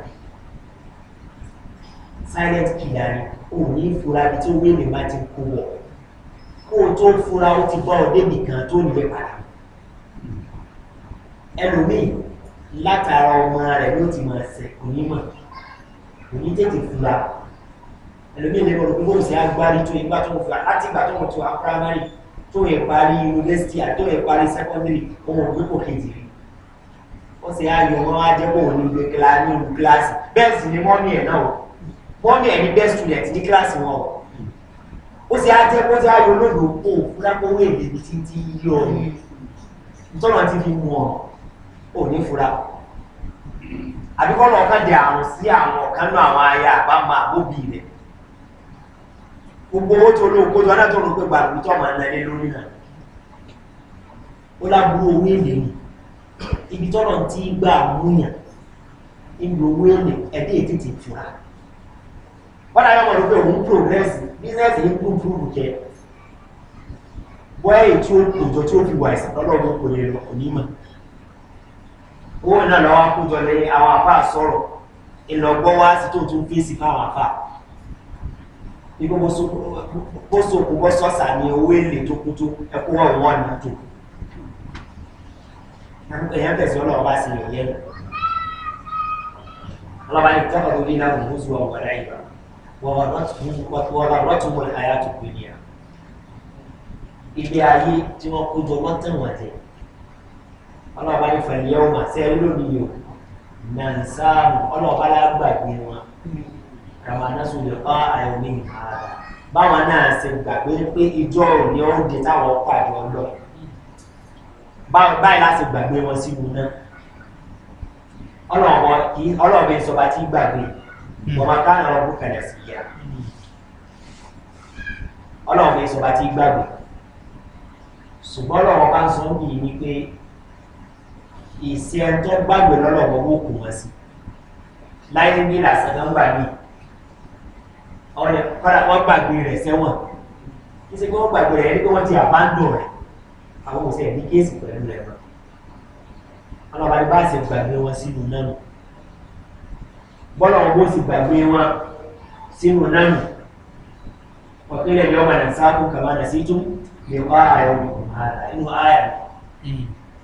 silent killer ni kò ní fura bí tí owó èlé máa ti kó wọ̀ kó o tó fura ó ti bọ́ ọ débì kan tó lè padà ẹlòmíì látara ọmọ rẹ̀ ló ti mọ̀ ẹ̀sẹ̀ kò ní mọ̀ kò ní tètè fura ẹlòmíì lè mọ̀rọ̀ gbogbo ìṣẹ́ agbárí tó ipá tó ń fura láti ìgbà tó ń tu primary tó yẹ parí university àtó yẹ parí secondary ọmọ ògbé kò kejì rí ó sì ayọ̀ wọn á jẹ́ bóun ní ìgbé kíláàsì ní ìlú kíláàsì bẹ́ẹ̀ sì ni mọ́mí ẹ̀ náà mọ́mí ẹ̀ ní best student ní kíláàsì wọn ó sì á jẹ́ kó sì ayọ̀ olódò kó fúlápọ̀ wéèlè ibi tí ń ti yọ ọ́ tọ́lọ́ ti òní fura àbíkọ́nà ọ̀kan di àrùn sí àwọn ọ̀kan náà àwọn aya àbámọ́ àbóbì rẹ̀ gbogbo owó tó lóko tó aná tó rò pé gbàgbé tó máa nà lé lórí náà ó lábúrò owó èlé ni ibi tọ́nà tí gbà múyàn níbi owó èlé ẹ̀dẹ́ ètètè fura wọ́n náà yọ mọ̀ lópé òun progress business yìí ń kú fúrú jẹ bọ́ẹ̀ tí ó kò jọ tí ó fi wà ìsìn lọ́lọ́run kò lè lọ kò ní mọ̀ owó náà lọ́wọ́ kójọ lé àwọn àfà sọ̀rọ̀ ìlọ́gbọ́ wá sí tó tún fèsì fáwọn àfà ibi bó sòkò bó sọ́sà ni owó èlé tó kú tó ẹkú wọ́n wọ́n ní tó èèyàn tẹ̀sí ọlọ́wọ́ bá sí yẹ̀yẹ́ yìí ọlọ́wọ́ ní tọ́kọ̀ tó bí náà mú zuwa wọ̀rẹ́ yìí wọ́n rọ́tù mọ́ àyà tó kú ní à ibi ayé tí wọ́n kú jọ wọ́n tẹ̀wọ̀n tẹ̀wọ̀n ọlọ́ọ̀bá ní fẹ̀lẹ́ ọmọ sẹ́yìn lónìí o nàìsáàmù ọlọ́ọ̀bá lágbàgbé wọn ramana sọlẹ̀ pa àìní ìhàrá báwọn náà ṣe gbàgbé pé ìjọ òní oúnjẹ táwọn pàdé ọlọ́ báyìí láti gbàgbé wọn sínú náà ọlọ́ọ̀bọ kì í ọlọ́ọ̀bẹ ìsọba tí gbàgbé bọ̀mọ̀ káàná ọdún kẹlẹ̀ sí yá ọlọ́ọ̀bẹ ìsọba tí gbàgbé ṣùgbọ́n ọlọ́ọ̀bá ń sọ ń yìí ni pé ìsẹ tó gbàgbé lọ́lọ́wọ́ wó kù wọ́n sí láyé ní làṣẹ nọ́mbà mi kọ́ra wọ́n gbàgbé rẹ̀ sẹ́wọ̀n kí ṣe pé wọ́n gbàgbé rẹ̀ nígbà wọ́n ti àbándò rẹ̀ àwọn òṣèlú ní kéèsì pẹ̀lú rẹ̀ mọ́ ọlọ́ba ní bá ṣe gbàgbé wọn sínú náà nù bọ́lá owó sì gbàgbé wọn sínú náà ọ̀kẹ́lẹ̀ ni ọmọ nàìjíríà kò kàmá nà sí tún lè wá àyọ̀ nínú hmm.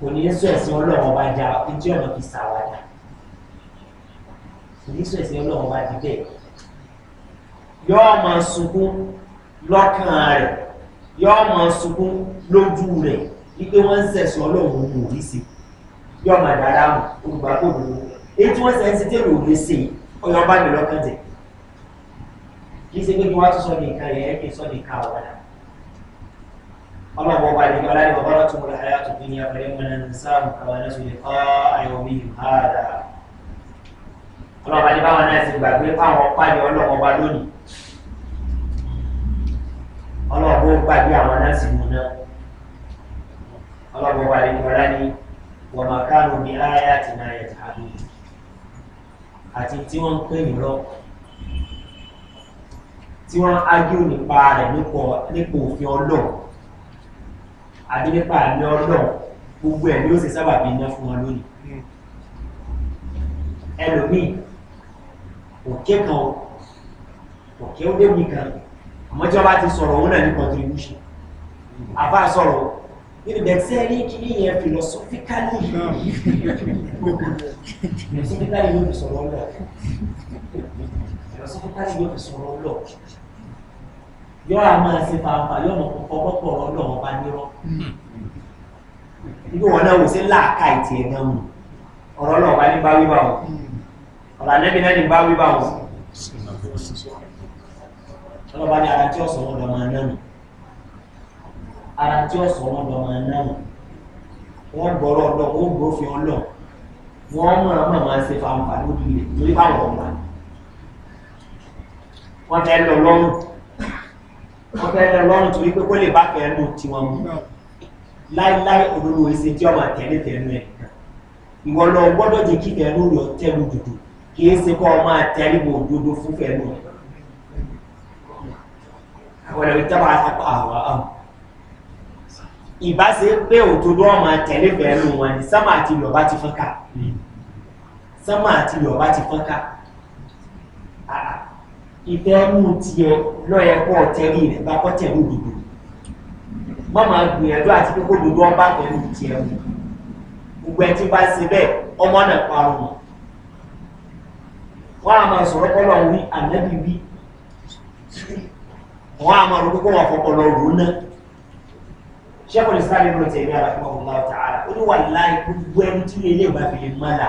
kò ní yéṣu ẹ̀sìn ọlọ́run ọba jà etí ọ̀nà fi sàwádà kò ní yéṣu ẹ̀sìn ọlọ́run ọba di bẹ́ẹ̀ yọ́ọ́ máa sunkún lọ́kàn rẹ̀ yọ́ọ́ máa sunkún lójú rẹ̀ wípé wọ́n ń sẹ̀sìn ọlọ́run òun òrí sí yọ́ọ́ máa dára mọ̀ olùgbàgbọ́ òun èyí tí wọ́n sẹ́ ń ṣe tẹ́lẹ̀ òun ṣe ọyọ́ bá mi lọ́kàn jẹ kì í ṣe pé kí wọ́n á tún sọ nìkan yẹn kí n sọ nìkan àwọn ọ̀dà ọlọ́wọ́ bá ní ọlá ní ọgọ́rọ̀ tó múlá ayá tó dúnyà pẹ̀lú mọ́nà sáàmù àwọn náà tó lè kọ́ àyọ̀mí ìhàdà ọlọ́wọ́ ní báwọn náà ti gbàgbé fáwọn pàdé ọlọ́wọ́ bá lónìí ọlọ́wọ́ gbàgbé àwọn náà sì mú náà ọlọ́wọ́ bá ní ọlá ní wọ́n máa kánú ní ayá ti náà yẹ àti tí wọ́n ń pè ní lọ tí wọ́n á gé òní pa rẹ̀ nípò òfin ọlọ́wọ́ àbí nípa àmì ọlọ́ọ̀ gbogbo ẹ̀ ni ó sì sábà bí iná fún wọn lónìí ẹlòmíì òkè kan òkè ó débi kan àmọ́ tí wọ́n bá ti sọ̀rọ̀ òun náà ní contribution àbá sọ̀rọ̀ nínú bẹ̀rẹ̀ sí ẹni kí ní yẹn philosophically philosophically yóò fi sọ̀rọ̀ lọ philosophically yóò fi sọ̀rọ̀ lọ yóò á máa ṣe fàáfà yóò mọ̀ kọ́kọ́ pọ̀rọ̀ lọ́wọ́ bá nírọ́ ibi wọn náà wò sí làákà ìtì ẹ̀ náà mù ọ̀rọ̀ lọ́wọ́ bá ní bá wíwá o ọ̀rọ̀ ànẹ́bí náà ní bá wíwá o ọlọ́ba ní ara tí ó sọ̀rọ̀ lọ́mọ náà nù ara tí ó sọ̀rọ̀ lọ́mọ náà nù wọ́n gbọ́rọ̀ ọ̀dọ́ wọ́n gbófin ọlọ́ wọ́n múra mọ̀ máa ṣe fàáfà lórí rẹ̀ torí báwọn ọ̀gbà wọ́n fẹ́ lọ lọ́rùn wọ́n fẹ́ rẹ lọ́rùn torí pé kó lè bá fẹ́ ẹnu tiwọn mu láíláí òdodo èsì tí ọmọ àtẹ̀lé fẹ́nu ẹ̀ ìwọ lọ gbọ́dọ̀ jẹ́ kí fẹ́nu rẹ̀ tẹ́lu dùdù kì í ṣe kó ọmọ àtẹ̀lé bò òdodo fún fẹ́nu rẹ̀ àwọn ẹ̀rọ ìtẹ́wà àtàkọ́ àwọn àwọn ìbáṣe pé òdodo ọmọ àtẹ̀lé fẹ́nu wọn ni sámà àti lọ́ba ti fọ́nká mm. sámà ti fọ́nká ìfẹ́rù tiẹ̀ lọ́yẹ kọ́ tẹ́rí rẹ̀ bá kọ́ tẹ̀lú òdòdó wọ́n máa gbìyànjú àti pé kó dodo ọba pẹ̀lú tiẹ̀ mu gbogbo ẹtí bá ṣe bẹ́ẹ̀ ọmọ náà parọ́ mọ́ wọ́n á máa sọ̀rọ̀ kọ́ lọ́wọ́ wí ànábì wí wọ́n á máa rògbòkó wọn fọkọ̀ lọ rò ná ṣẹ́kọ̀ọ́ ní sáré ló tẹ̀lé àràfíà ọ̀gbọ̀n ọ̀tà ara ó ní wà láì gbogbo ẹni tí ilé ìbá fi lè má la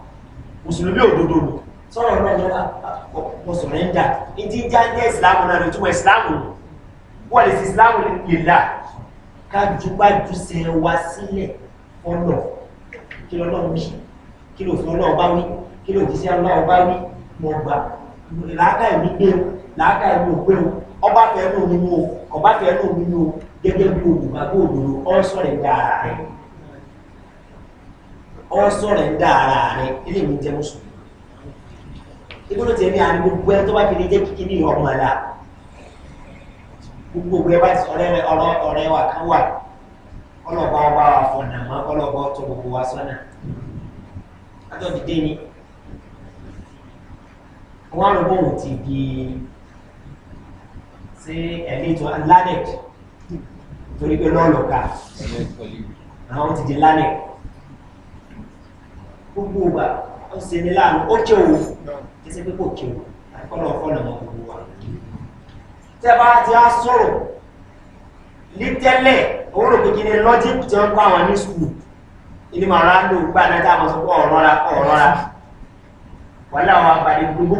mùsùlùmí òdodo sọ̀rọ̀ náà ní mùsùlùmí ń jà ní ti ń já ń jẹ́ ìsìláàmù náà lójú ìsìláàmù wọ́n lè fi lè wa sílẹ̀ ọ̀nà kí lọ́nà wí kí wí kí wí mọ̀ gbà làákà gbé o làákà o ọba fẹ́ẹ́ ní omi mú o ọba fẹ́ẹ́ ọ sọ̀rọ̀ ń dá ara rẹ ilé mi jẹ́ mùsùlùmí ìgbóná tẹ̀mí àní gbogbo ẹ tó bá fi lè jẹ́ kíkí ní ọmọ ẹ̀dá gbogbo ẹ bá ti ọ̀rẹ́ ọ̀rẹ́ wa kan wà ọlọ́pàá ọba wa fọ̀nà mọ́ ọlọ́pàá ọtọ gbogbo wa sọ́nà látọ̀ dìde ni wọ́n á lọ bóun ti di ṣé ẹ̀mí tó torí pé lọ́ọ̀lọ́ka àwọn ti di lanec gbogbo ìgbà ó ṣe ní láàánú ó jẹ́ òun kí ṣe pé kò kí o àkọ́lọ̀ ọ̀fọ́nà mọ gbogbo wa. tẹ́ bá ti á sọ̀rọ̀ ní tẹ́lẹ̀ òun rò pé kí ni lọ́jíìkì tí wọ́n kọ́ àwọn ní sùkúù ilé máa rà ló gbà náà tá a máa sọ pé ọ̀rọ̀ ra ọ̀rọ̀ ra wàhálà wa balẹ̀ gbogbo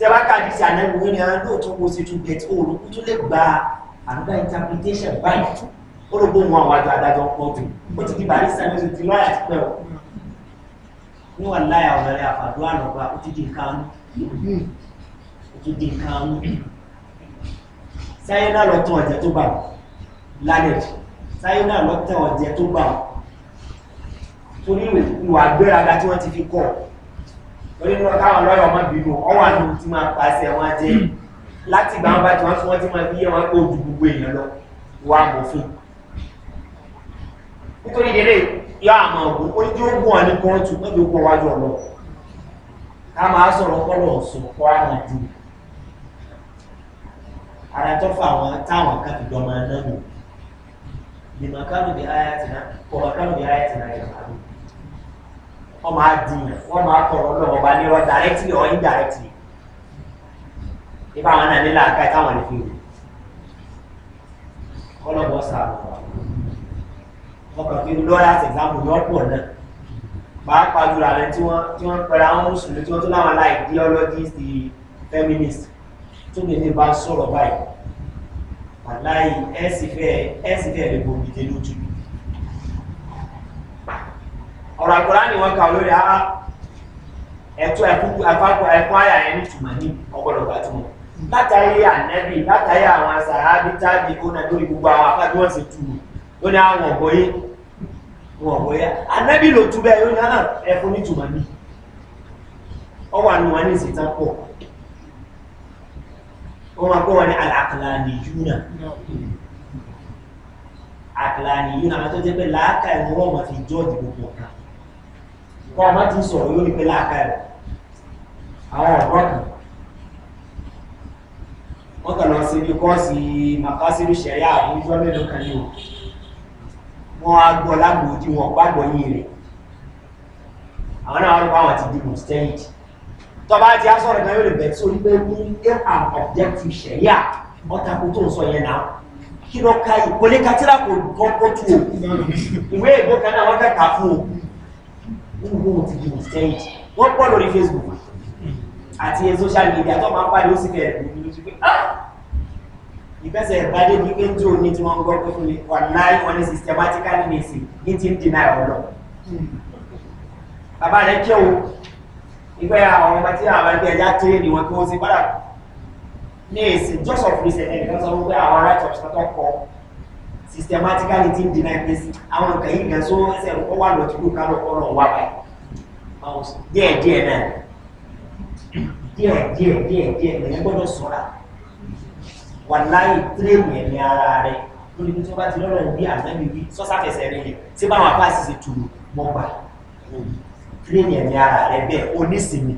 tẹ́wá kàdí sí àná ìwé ni àwọn ah, lóòótọ́ wo sí tún bẹ̀tí òòrùn tún lè gba àgbà interpretation báyìí ó ló gbóhùn àwọn àjọ adájọ́ pọ̀ jù ó ti di bàálí sáré oṣù tí lọ́yà ti pẹ̀ ọ́ níwọ̀n láyà ọ̀rẹ́ àfàdó ànàbà ó ti di nǹkan ó ti di nǹkan sáyé náà lọ tán ọ̀jẹ́ tó bà ọ́ lálẹ́ sáyé náà lọ tán ọ̀jẹ́ tó bà ọ́ torí ìwà gbéraga tí wọ́n ti fi kọ́ ọ́ torí wọn káwọn lọ́yọ̀ ọmọ bínú ọwọ́ àti ohun tí máa pàṣẹ wọn jẹ láti ìgbà wọn bá tí wọn fún wọn tí wọn fi yẹ wọn pé ojú gbogbo èèyàn lọ wọ amòfin nítorí délé yọ àmọ ògùn ó ní tí ó gùn ọ ní kóńtù náà ló kọ wájú ọlọ ká máa sọ̀rọ̀ kọ́lọ̀ ọ̀sùn kọ́ àmọ̀ ju ara tó fà wọn táwọn kan fi náà nù bìmọ̀ kánú bí ayé àtìná kọ̀ọ̀ kánú bí ayé àtìná yọ̀ wọ́n máa dìyàn wọ́n máa kọ̀rọ̀ lọ́wọ́ ọba nírọ̀ directly or indirectly nípa àwọn náà nílà àká ìtàwọn lè fi rò kọ́lọ́bọ̀ sàrọ̀ ọkàn fi lọ́yàs example yọ pọ̀ náà pàápàá jùlọ àwọn tí wọ́n tí wọ́n pẹ̀lú àwọn mùsùlùmí tí wọ́n tó láwọn láì ideologist the feminist tó lè ní bá sọ̀rọ̀ báyìí wàláì ẹ̀ sì fẹ́ ẹ̀ sì fẹ́ lè gbòmìdé lójú mi ọ̀rọ̀ àkùrá ni wọ́n kà lórí ara ẹ̀tọ́ ẹ̀kọ́ ẹ̀kọ́ àyà ẹ̀ ní tùmọ̀ ní ọgbọ̀dọ̀gbà tó mọ̀ látàrí ànẹ́bì látàrí àwọn asàrábí tábì kó náà lórí gbogbo àwọn afájú wọn sì tù ó ní àwọn ọ̀gbọ́yé wọn ọ̀gbọ́yé ànẹ́bì ló tú bẹ́ẹ̀ ó ní àná ẹ̀fọ́ ní tùmọ̀ ní ọwọ́ àánú wọn ní ìsìtàn pọ̀ wọ́n máa kó wọn ní àlàkàlà nìyú náà àkàlà nìyú náà àwọn tó pé làákà ìwọ́n máa fi jọ́ọ̀dì gbogbo ọ̀kan kọ́ ọmọ ti sọ̀rọ̀ yóò ní pé láàká rẹ̀ àwọn ọ̀rọ̀ kan wọ́n kàn lọ síbi kọ́ọ̀sì màkásírù sẹ̀yà àbújọ́ mélòó kan ní o wọ́n á gbọ́ lágbòójì wọn gbàgbọ́ yìí rẹ̀ àwọn náà wọ́n pa àwọn ti di mustahid tọba ti asọ̀rọ̀ kan yóò lè bẹ̀rẹ̀ sórí pé ní air objective sẹ̀yà ọ̀tàkù tó ń sọ yẹn náà kí ló ka ìkólé katira kò kọ́ kó tu o ìwé ìgbó kan náà wọ́n who won't be instead wọ́n pọ̀ lórí facebook àti social media tó máa ń pàdé ó sì kẹrẹ̀ lórí lójú pé ah ìfẹsẹ̀ ìbádé bíi pé ń tó ní tí wọ́n ń gbọ́ pé fún mi online wọn ní systematically ní ìsìn ní ti ń deny ọ̀rọ̀ bàbá rẹ̀ kí o ìgbẹ́ àwọn ọmọ tí àwọn ẹgbẹ́ ẹja tó yé ni wọ́n kí wọ́n sí padà ní ìsìn just of recent ẹ̀ kan sọ àwọn right of status kọ systematically team ń deny mercy àwọn nǹkan yìí gan so ẹsẹ̀ ó wà lọ́ọ́ tìlú kálọ̀ ọ̀rọ̀ wà báyìí díẹ̀ díẹ̀ náà díẹ̀ díẹ̀ díẹ̀ díẹ̀ lẹ́yìn gbọ́dọ̀ sọ̀ra wà láyé tírèmù ẹ̀mí ara rẹ̀ lórí bí tí wọ́n bá ti lọ́rọ̀ bí àtẹ́bí wí sọ́sàfẹsẹ̀ rẹ̀ yẹn tí báwọn apá àṣìṣe tùrù mọ́ gbà tírèmù ẹ̀mí ara rẹ̀ bẹ́ẹ̀ oníṣìmí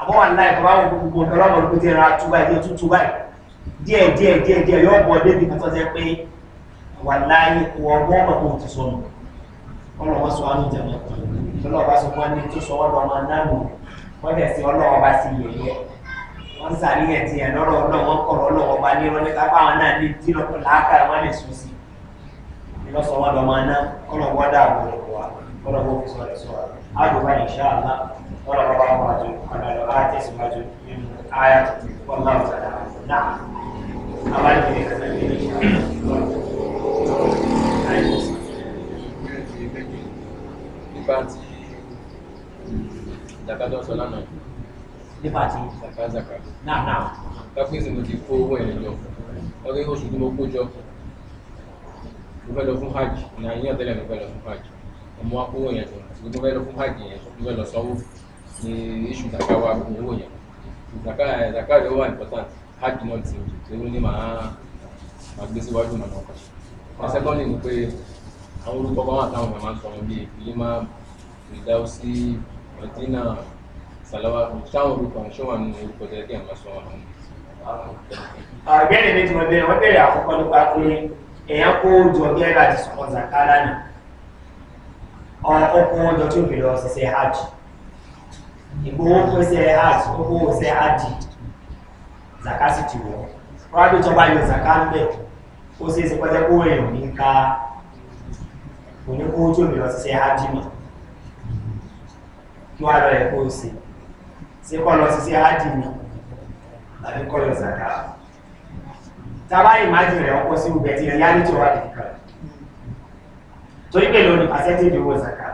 àmọ́ wà láyé kọ́ báwọn gbogbo ọ̀pẹ̀lọ́mọ̀ ló ti ra túbáyé tó túbáyé díẹ̀ díẹ̀ díẹ̀ díẹ̀ yóò bọ̀ débi kan tó jẹ́ pé wà láyé wọ́n wọ́n mọ̀ kó ti sọnù ọlọ́ wọn sọ wọn jẹun lọ́lọ́ bá sọ wọn ní tó sọ wọn lọ máa nánu wọ́n dẹ̀ sí ọlọ́wọ́ bá sí yẹ̀yẹ́ wọ́n sàníyàn ti yẹn lọ́rọ̀ ọlọ́wọ́ kọ̀rọ̀ ọlọ́wọ́ bá ní ìrọ̀lẹ́ kápá àwọn náà ní dínà kó làákàrà wọn lè sùn sí lọ́sọ̀ wọn lọ máa ná ọlọ́wọ́ dààbò ọ̀pọ̀ wa ọlọ́wọ́ nípa ti ìdàkadọ́ sọ lánàá nípa ti ìdàkazàkà náà náà káfíńsì mo ti kó owó ẹ̀rẹ̀ jọ ọdún oṣù tí mo kó jọ mo fẹ́ lọ fún hajj ní ayé ọ̀tẹ́lẹ̀ mo fẹ́ lọ fún hajj ọmọ wa kó owó yẹn jọ àti mo fẹ́ lọ fún hajj yẹn mo fẹ́ lọ sọ́wọ́ ní iṣu ìdàkà wa kó owó yẹn ìdàkà ìdàkà rẹ̀ wà important hajj náà ti ń jù tó ní màá gbé síwájú màá náà kọ́ṣẹ́ wọn sẹ́kọ́ndì ni pé àwọn orúkọ bá wà táwọn èèyàn máa ń sọ wọn bíi ìfìlímà ìdáwọ́sí ọ̀dínà sàlọ́wà táwọn orúkọ ṣé wà nínú orúkọ tẹ́lẹ̀ kí àwọn sọ wọn. àgbẹ̀ni mi ti mọ bẹ́ẹ̀ wọ́n bẹ̀rẹ̀ àkọ́kọ́ nípa pé èèyàn kó jọ bí ẹ̀rọ àti sọ̀kọ́ zakara ni ọkùnrin ọjọ́ tó fi lọ ṣiṣẹ́ hajj ìgbowó pèsè hajj owó ṣe hajj zakasi ti wọ̀ wọ́n á bí tọ́ bá yọ zakari ó ṣe é ṣe pẹ́jẹ́ kó rìn ní ká oníkó tó mi lọ sí ájímọ̀ kí wá lọ ẹ̀ kó ṣe ṣe kọ́ lọ sí sí ájímọ̀ àbí kọ́ lọ zàkà tábà ìmájì rẹ̀ ọkọ̀ sí ìgbẹ́ tí ìyá ní tí wà nìkan torí pé lónìí pàṣẹ́tì ìdíwọ̀ zàkà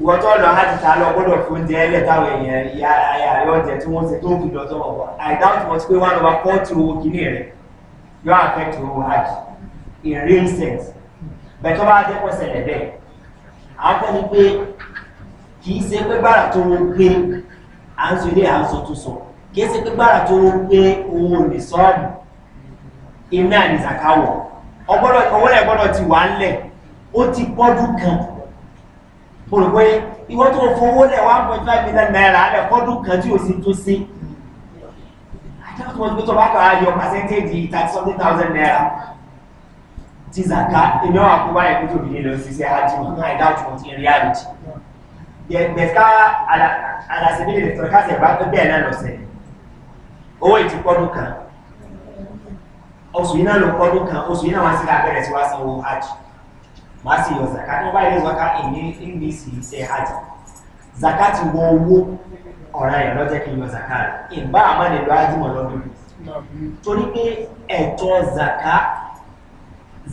ìwọ tó lọ á ti ta lọ gbọ́dọ̀ fóúnjẹ ẹlẹ́ táwọn èèyàn ìyá ayà rẹ̀ ọ̀jẹ̀ tí wọ́n ṣe tó fi lọ tó wọ̀ àìdáhùn tí wọ́n ti pé wọ́n lọ bá kọ́ọ̀tù owó kìíní rẹ̀ yóò affect owó hajj in real sense bẹ́ẹ̀ tó bá jẹ́ pẹ́sẹ̀ lẹ̀ bẹ́ẹ̀ àákọ́ni pé kì í ṣe pé gbára tó ń gbé à ń sọ ilé à ń sọ tó sọ kì í ṣe pé gbára tó ń gbé òun ò lè sọ́ọ̀mù iná àdìsàkáwọ̀ ọwọ́ ẹ̀ gbọ́dọ̀ ti wà á lẹ̀ ó ti pọ́dún kan mo rò pé ìwọ́n tó fowó lẹ̀ one point five million naira lẹ̀ pọ́dún kan tí ò sì tún sí mo gbé tó bá kà á yọ pàṣẹ́ntéèjì thirty something thousand naira ti zaka èmi àwọn àkóbá ẹ̀kú tó bìí lọ sí ṣe àjò náà ẹ̀dá òjò ti rí àjò yẹ̀ẹ̀ká alàṣẹ́bílẹ̀ lẹ́tọ̀ káṣẹ̀ bá tó bẹ́ẹ̀ náà lọ́sẹ̀ owó ìtì pọ́dún kan oṣù yìí náà ló pọ́dún kan oṣù yìí náà wá sí abẹ́rẹ́ sí wá sanwó àjò má sì yọ zaka ní wọ́n bá yẹ zaka ìní ìní sì ṣe àjò zakati wọ owó ọ̀rá ẹ̀ lọ́jẹ́ kí n yọ zakari ìgbà àmọ́nìlú ajímọ̀ lọ́dún torí pé ẹ̀tọ́ zaka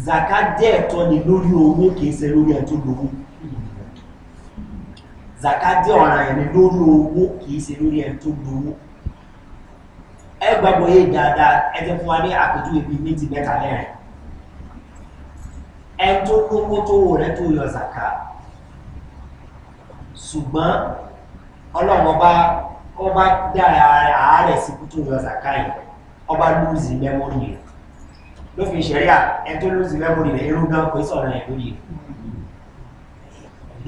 zaka jẹ́ ẹ̀tọ́ ni lórí owó kìí ṣe lórí ẹ̀ lówó zaka jẹ́ ọ̀ràn ẹ̀ ni lórí owó kìí ṣe lórí ẹ̀ tó lówó ẹ gbàgbọ́ yé dáadáa ẹ ti fún wa ní àpèjúwe bíi méjì mẹ́ta lẹ́rìn ẹ tó lówó tó wò rẹ tó yọ zaka ṣùgbọ́n ọlọ́run ọba ọba dára àárẹ̀ sí kútó yọ zakai ọba lóòzì mẹ́mórì rẹ̀ ló fi ṣẹ̀ríà ẹni tó lóòzì mẹ́mórì rẹ̀ irú gan pé sọ̀rọ̀ ẹ̀ lórí rẹ̀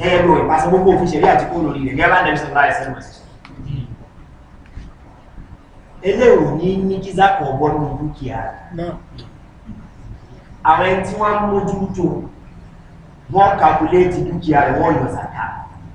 gẹ́gẹ́ bí ìpàṣẹ gbogbo òfin ṣẹ̀ríà tí kò lórí rẹ̀ gẹ́gẹ́ bá dẹ̀ sọ̀rọ̀ láì sẹ́nu ẹ̀sìn eléwò ní ní jízákọ̀ ọgbọ́nú dúkìá àwọn ẹni tí wọ́n ń mójú tó wọ́n kàkúléètì dúkìá rẹ̀ wọ́n yọ sàkà.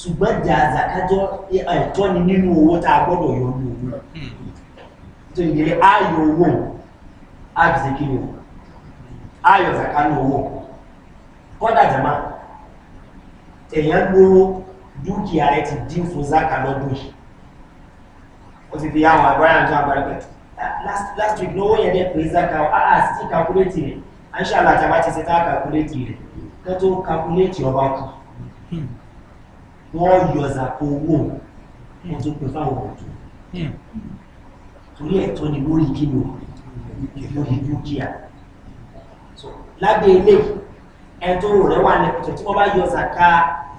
ṣùgbọ́n jàǹzà kájọ́ ẹ̀tọ́ ni nínú owó tá a gbọ́dọ̀ yọ ní owó hmm. tó ìdílé ayò owó àbìsíkí ni ayò zàká ní owó kọ́dà jama èèyàn gbóró dúkìá rẹ ti dín fún zàká lọ́dún yìí ó ti fi àwọn àgbáyà tó àgbáyà pẹ̀ ah, last week ní owó yẹn dẹ̀ pé zàká àà sí kàkúrétì rẹ̀ à ń ṣàlàjà bá ti ṣe tá kàkúrétì rẹ̀ kẹ́ kàkúrétì ọba kù. Hmm. wọ́n yọzà owó hmm. wọ́n tó pè fáwọn ọ̀tún hmm. torí ẹ̀tọ́ ni lórí kílò lórí dúkìá lábẹ́ ilé ẹ̀tọ́ rẹ̀ wà lẹ́pẹ̀tẹ̀ tí wọ́n bá yọ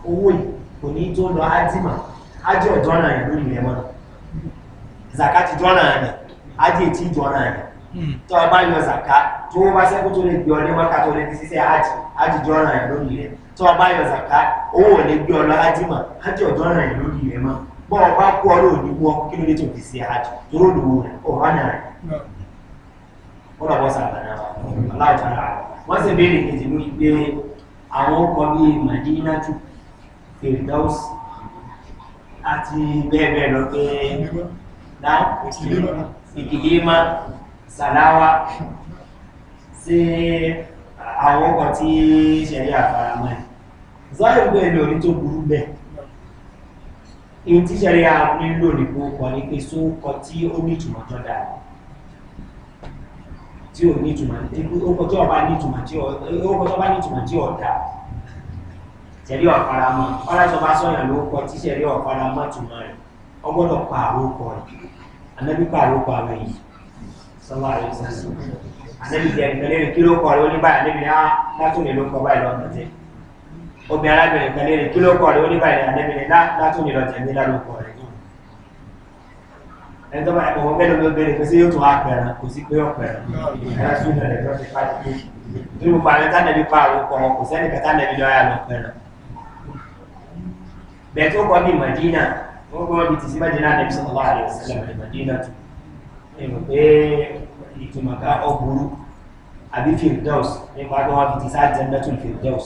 owó yìí kò ní tó lọ ájímà ájí ọ̀dọ́ náà yẹn lórí rẹ̀ ti dọ́nà ètí tó a bá tó bá sẹ́kù tó lè gbé ọ ní wákàtí ti ṣiṣẹ́ tó ọba yọ zaka owó ò lè gbé ọ lọ hajj mọ hajj ọjọ rẹ lórí rẹ mọ bọ ọba kú ọ lóò ní wọ kí ló dé tó fi ṣe hajj tó ló lò wọ ọba náà rẹ ó lọ bọ sàbànà aláwọ tó rà wọn sì béèrè kejì ní pé àwọn ọkọ bíi madinatu firdaus àti bẹ́ẹ̀ bẹ́ẹ̀ lọ pé náà ìkìlímà sàláwà sí àwọn ọkọ̀ tí ṣẹ̀rí àfaramọ́ ẹ̀ zahir bẹ́ẹ̀ lórí tó burú bẹ́ẹ̀ èyí tí sẹ́rí a nílò ní kókọ ní pé sókọ tí ó ní ìtumọ̀ tó dáa tí ò ní ìtumọ̀ ókọ tí ọba ní ìtumọ̀ tí ọ̀dà sẹ́rí ọ̀faramọ́ ọlọ́sọba sọ̀yàn ló kọ tí sẹ́rí ọ̀faramọ́ tùmọ̀ rẹ̀ ọgbọ́dọ̀ pa àrókọ rẹ̀ anábí pa àrókọ àwọn èyí sọ́wọ́ àrẹ sọ́sọ́ anábí jẹ́ ìgbẹ́lẹ́rìn kí ló kọ rẹ̀ ó ní ní á ah, látòlè ló kọ báyìí lọ́kàn tẹ́lẹ̀ obìnrin arábìnrin kan léèrè kí ló kọ rẹ oníbà ìrìn àdébìnrin látún ìlọ tẹ̀mí lálùkọ rẹ ẹni tó bá ẹ̀kọ́ wọn mẹ́lẹ̀ ló bẹ̀rẹ̀ pé sí yóò tún á pẹ̀rẹ̀ kò sí pé ó pẹ̀rẹ̀ ẹ̀rọ sún ìrẹ̀ lọ sí pàdé pé nínú gbogbo àwọn tánẹ̀bí pa àwọn ọkọ̀ wọn kò sẹ́ni kẹtánẹ̀bí lọ yà lọ pẹ̀rẹ̀ bẹ́ẹ̀ tó kọ́ bí mọ̀dínà wọ́n gbọ́ bí tìsí mọ̀dínà nẹ̀bí sọ̀tọ̀ bá àrẹ ìsẹ̀lẹ̀ mọ̀dínà tó ẹ̀rọ pé ìtumọ̀ká ọ̀gbùrú àbí fìrìdọ́s nípa tó wọ́n fi tìsá jẹ́ mẹ́tùn fìrìdọ́s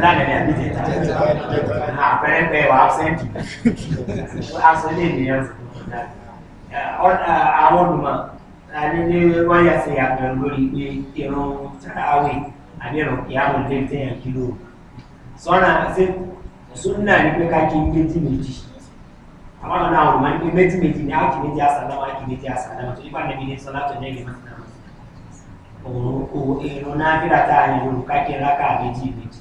lánàá ní àbí jẹta àpẹẹrẹ pẹ wà áfẹ́ǹtì aṣọlé ènìyàn àwọn olùmọ̀ ní wọ́n yà sí àpẹẹrẹ lórí pé irun tàràwì àbí irun kìáwó lẹ́tẹ̀ yàn kílò sọ́nà sí súnà ní pé ká kí n méjì méjì àwọn ọ̀nà àwọn olùmọ̀ ní pé méjì méjì ní àkìméjì àsàlámà àkìméjì àsàlámà òun kò èrò náfíra tá a yẹn lòun káàkiri rákà méjì méjì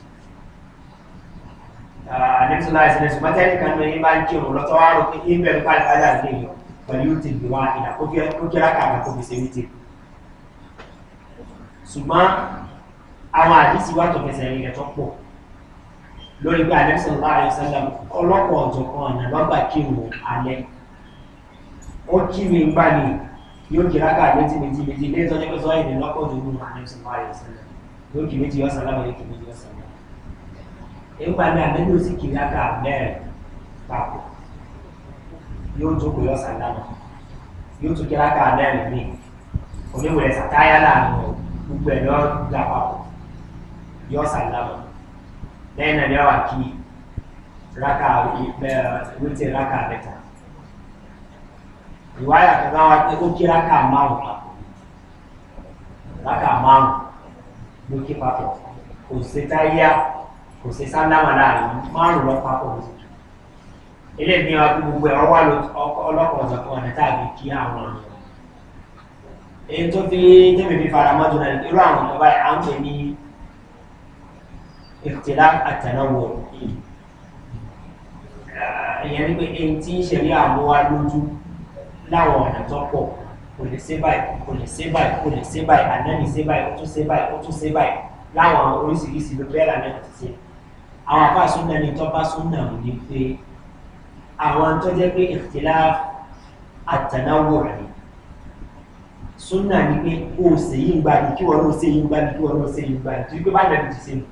nítorí àìsàn ẹ̀sùn bá tẹ́lẹ̀ kan lóyún bá ń kí òun lọ́tọ́ wá rò pé ibẹ̀ ń pàdé pàdé àgbè yọ pẹ̀lú yóò ti gbé wá ìdá kó kí rákà àgbà kó fi ṣe wíjì ṣùgbọ́n àwọn àdísí wà tó fẹsẹ̀ rí rẹ̀ tó pọ̀ lórí pé àdẹ́sùn láàrin sẹ́lẹ̀ ọlọ́pọ̀ ọ̀jọ̀kan ọ̀nà lọ́gbà kí òun alẹ́ ó kí mi gbà nìyí yóò kí rákà méjì méjì méjì lé tọ́jú pé sọ́yìn ní lọ́pọ̀ ju nínú àmì ìsìn máa yọ sílẹ̀ yóò kí méjì yọ sàlámà yóò kí méjì yọ sàlámà. nípa ní àmẹ́lẹ́ ó sì kí rákà mẹ́rin papọ̀ yóò jókòó yọ sàlámà yóò tún kí rákà mẹ́rin míì oníwèé sàtáyà láàrin gbogbo riwaya kadhaa wakikuti raka márùn raka márùn ló kí papọ̀ kò ṣe táyà kò ṣe sáńdámà láàrin márùn lọ papọ̀ lọ ilé mi wa kí gbogbo ẹ̀rọ wà ọlọ́kọ̀ ọ̀sẹ̀ fún ọ̀nà tàbí kí àwọn ọ̀nà èyí tó fi tẹ́mi fi fara mọ́jú náà irú àwọn ìjọba yìí láwọn ọ̀nà tó pọ̀ kò lè ṣe báyìí kò lè ṣe báyìí kò lè ṣe báyìí ànáni ṣe báyìí ó tún ṣe báyìí ó tún ṣe báyìí láwọn oríṣiríṣi ló bẹ́ẹ̀ lànà ti ṣe àwọn apá súnà ni tó bá súnà ò ní pé àwọn tó jẹ́ pé ìfìlà àtànáwò rẹ̀ súnà ni pé o ò ṣe yí gba ni kí wọn náà ṣe yí gba ni kí wọn náà ṣe yí gba ni tí pé bá nàbì ti ṣe nù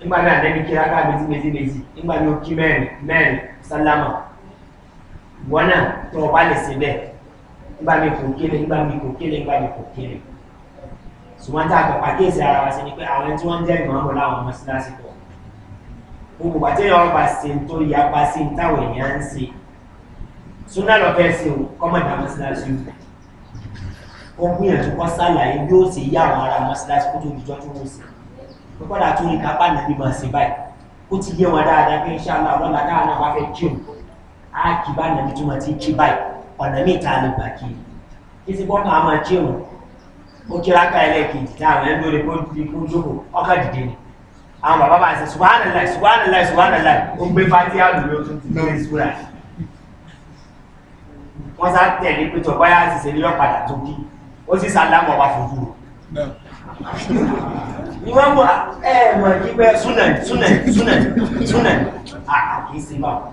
nígbà náà nẹ́bi kí rákà méjì méjì méjì nígbà ní o kí mẹ́rin mẹ́rin sálámà wọn náà tó o bá lè ṣe bẹ́ẹ̀ nígbà mi kò kéle nígbà mi kò kéle nígbà mi kò kéle ṣùgbọ́n tá a kọ̀ pàkíyèsí ara wa sí ni pé àwọn tí wọ́n ń jẹ́ ìmọ̀ràn láwọn ọmọ síláṣí pọ̀ gbogbo àti ẹ̀yàn ọba ṣe ń tó yapa sí ń táwọn èèyàn ń ṣe súnà lọ́fẹ́ ṣe o kọ́mọ̀dà mọ́ṣáláṣí o ó gbìyànjú kọ́ sàlàyé bí ó ṣe yá àwọn ará mọ́ṣáláṣí kó tó di jọ́jú wò sí i kọ́dà tó ní kápá nàbí máa ṣe báyìí ó ti a kì na nàbí tí wọ́n ti kí báyìí ọ̀nà míì tá a lè gbà kí kí sí bọ́tà a máa kírun ó kí rákà ẹlẹ́kejì tá àwọn ẹgbẹ́ rẹ̀ kún fi kún jókòó ọkà dìde ni àwọn bàbá bá ṣe subhanallah subhanallah subhanallah ó gbé fati àlùmí ó tún ti lórí ìṣúra wọ́n sá tẹ̀lé pé tọ́ báyà ṣiṣẹ́ ní ọ̀padà tó kí ó sì sálámù ọba fojú rẹ̀ ìwọ́n mú ẹ̀ mọ̀ kí pé súnà súnà súnà súnà àkíyèsí báwọn.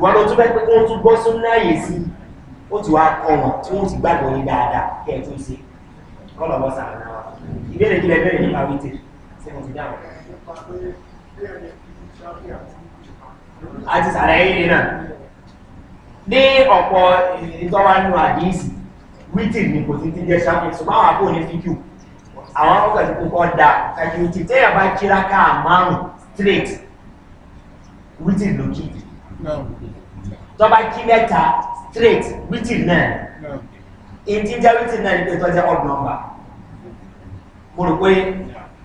ìwọ́n ló tún fẹ́ pé kí wọ́n tún bọ́ sún náàyè sí ó ti wá kọ́ wọn tí wọ́n ti gbàgbọ́ yín dáadáa kẹ́ ẹ̀ tó ṣe kọ́lọ̀ bọ́ sàn náà ìbéèrè kí lẹ bẹ́ẹ̀ nípa wíńtẹ̀ ṣé mo ti dáhùn. a ti sàlàyé yìí náà ní ọ̀pọ̀ ìtọ́wánú àdíyèsí wíńtẹ̀ ni kò ti ti jẹ́ ṣáfì ṣùgbọ́n àwọn àpò ní fíkù àwọn ọkọ̀ ti kókó da kàkiri ti tẹ́yà bá kíra káà márùn-ún straight wíńtẹ̀ lókìkì tọ́ba kí mẹ́ta straight wítìrì náà ìdí jẹ́ wítìrì náà ní pé tọ́jẹ́ odd number mo rò pé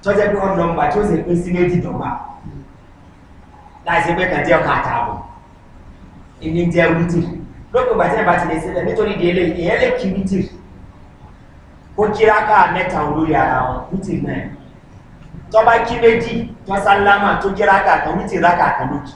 tọ́jẹ́ pé odd number tí ó sì pín sí méjì dọ́gba láì sí pé kàn jẹ́ ọkà àtààbọ̀ ìdí jẹ́ wítìrì lópin ìgbà tí ẹ̀ bá ti lè sílẹ̀ nítorí ìdílé ìyẹn lè kí wítìrì ó kíra ká mẹ́ta olórí ara wọn wítìrì náà tọ́ba kí méjì tọ́sálámà tó kíra ká kan wítìrì rákà kan lókì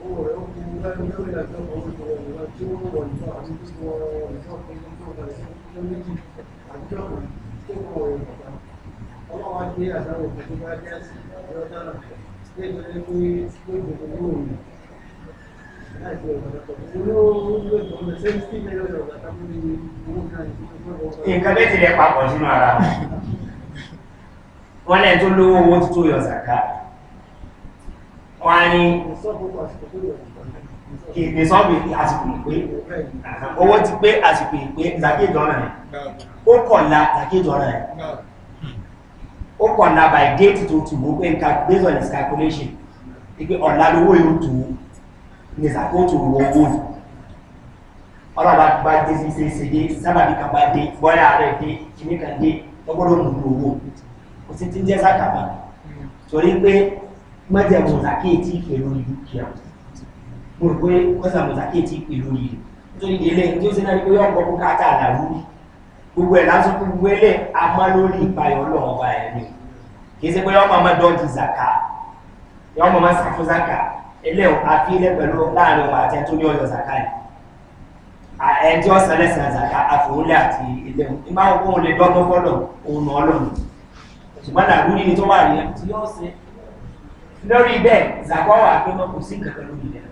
ọlọ́wọ́ nǹkan bẹ́ẹ̀ ti rẹ̀ papọ̀ sínú ara wọn lẹ́yìn tó lówó owó tó yọ sàkáà wọ́n á ní kì í sọ́ọ̀bù àsìkò ìpé owó ti pé àsìkò ìpé ìdàkejì ọ̀rọ̀ rẹ̀ ó kọ̀la ìdàkejì ọ̀rọ̀ rẹ̀ ó kọ̀la by date tó tù wó pé nǹkan based on his calculation pé ọ̀la lówó yóò tù ú ní ìsàkóso owó owó ọlọ́ba bá dé sí ṣe ṣe dé sábàbí kan bá dé bọ́lá rẹ̀ dé kìnnìkan dé ọgbọ́dọ̀ mú owó kò sí ti jẹ́ sákàbà torí pé maji sàkéè tí ìpè lórí dúkìá mo rò pé mọ́sàmù sàkéè tí ìpè lórí rẹ̀ nítorí délé tí ó ṣe náà ní pé yọ̀ǹkọ́ kó káàtà àlàrúrí gbogbo ẹ̀ lásán kó gbogbo ẹlẹ́ a máa lórí ìpayọ̀ ọlọ́run ọba ẹ̀ ni kì í ṣe pé yọ̀ǹkọ́ máa dọ́ọ̀dì zàkà yọ̀ǹkọ́ máa sàkó zàkà ẹlẹ́ àfi ilẹ̀ pẹ̀lú láàrin ọba àti ẹ̀tọ́ ní ọ̀yọ́ zàkà yìí ẹni tí wọ́n san lẹ́sàn zàkà àfòúnlẹ̀ àti ilẹ̀ ìmáwó kóhun lè dọ́gbọ́n fọ́lọ̀ òun ọlọ́run ṣùgbọ́n làrúrí ni tó wà ní ẹ̀ tí yóò ṣe lórí bẹ́ẹ̀ zakọ́ wà pé wọ́n kò sí kankan lórí rẹ̀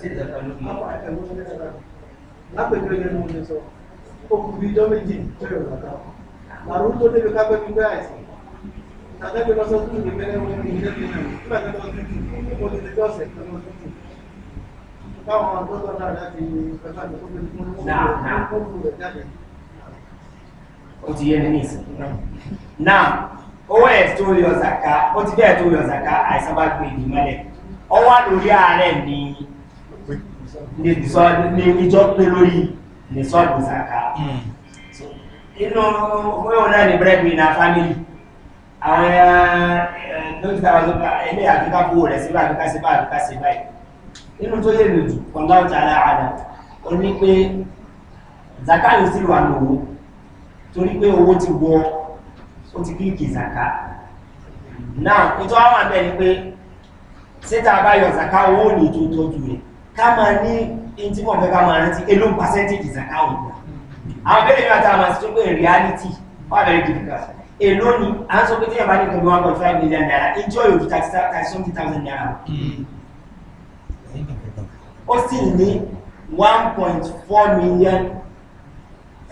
sí kankan lórí rẹ̀. lápẹ̀jọ́ yẹn mo lè sọ okùnrin ìjọ méjì tó yọ̀ bàtà àrùn tó débi ká pẹ́ẹ́bí gbé àìsàn àtẹ́gbẹ́ lọ́sọ́ tó lè bẹ́rẹ̀ wọn ní ilé ìlú nígbà tó lọ́sọ́ tó mo lè lọ́jọ́ ọ̀sẹ̀ tó lọ́sọ́ tó káwọn agbọ́dọ̀ náà láti pẹ̀lú àgbẹ̀ tó lè fún un ó kú rẹ̀ jáde. owó ẹ̀ tó yọ zaka, ó ti bẹ́ẹ̀ tó yọ zàká àìsàn bá gbé ìdí mọ́lẹ̀ ọwọ́ lórí ààrẹ ni ní ìjọ pé lórí ní sọ́ọ̀dù hmm. inú owó náà na famili, àwọn dókítà wa zọ́pà ilé àfikà kúrò rẹ̀ síbà àfikà síbà àfikà síbà yìí inú tó yẹ lòdù kọ̀ńdà ó ní pé yóò ti ó ti kílìkì zaka náà ìtọ́ àwọn abẹ́ ni pé síta bá yọ zaka owó ní tó tọ́jú rẹ̀ ká máa ní in tí wọ́n fẹ́ ká máa rántí elóhùn pàṣẹ́ntìjì zaka òun àwọn bẹ́ẹ̀ ni wọ́n ti tún pé reality wà bẹ́ẹ̀ difficult èló ni à ń sọ pé téèyàn bá ní nǹkan bí one point five million naira ìjọ yóò ju thirty thousand naira ó sì ní one point four million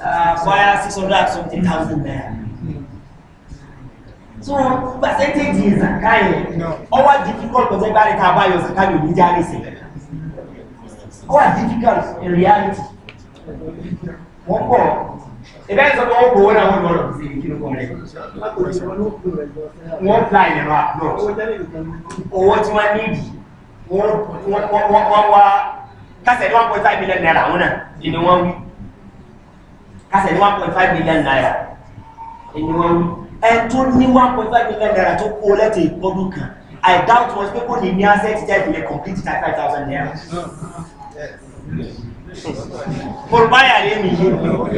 uh, six hundred something thousand naira so percentage zaka yẹn ọwọ́ difficult kọjá gbáre ká bá yọ zaka yóò ní járe sí ọwọ́ difficult in reality wọ́n pọ̀ ìbẹ́ ìsọ pé wọ́n gbowó náà wọ́n lọ́rọ̀ sí kí ló kọ́ rẹ̀ wọ́n fly ìrìn àpọ̀ owó tí wọ́n níbi wọ́n wá kásẹ̀ ní one point five million naira wọn náà ìní wọ́n wí kásẹ̀ ní one point five million naira ìní wọ́n wí ẹ tó ní one point five million naira tó kó lẹ́tọ̀ ìpọ́dún kan i doubt wọn pé kò ní ní asset jẹ́ ìpìlẹ̀ complete thirty five thousand naira. Olùbáyà lé mi yé.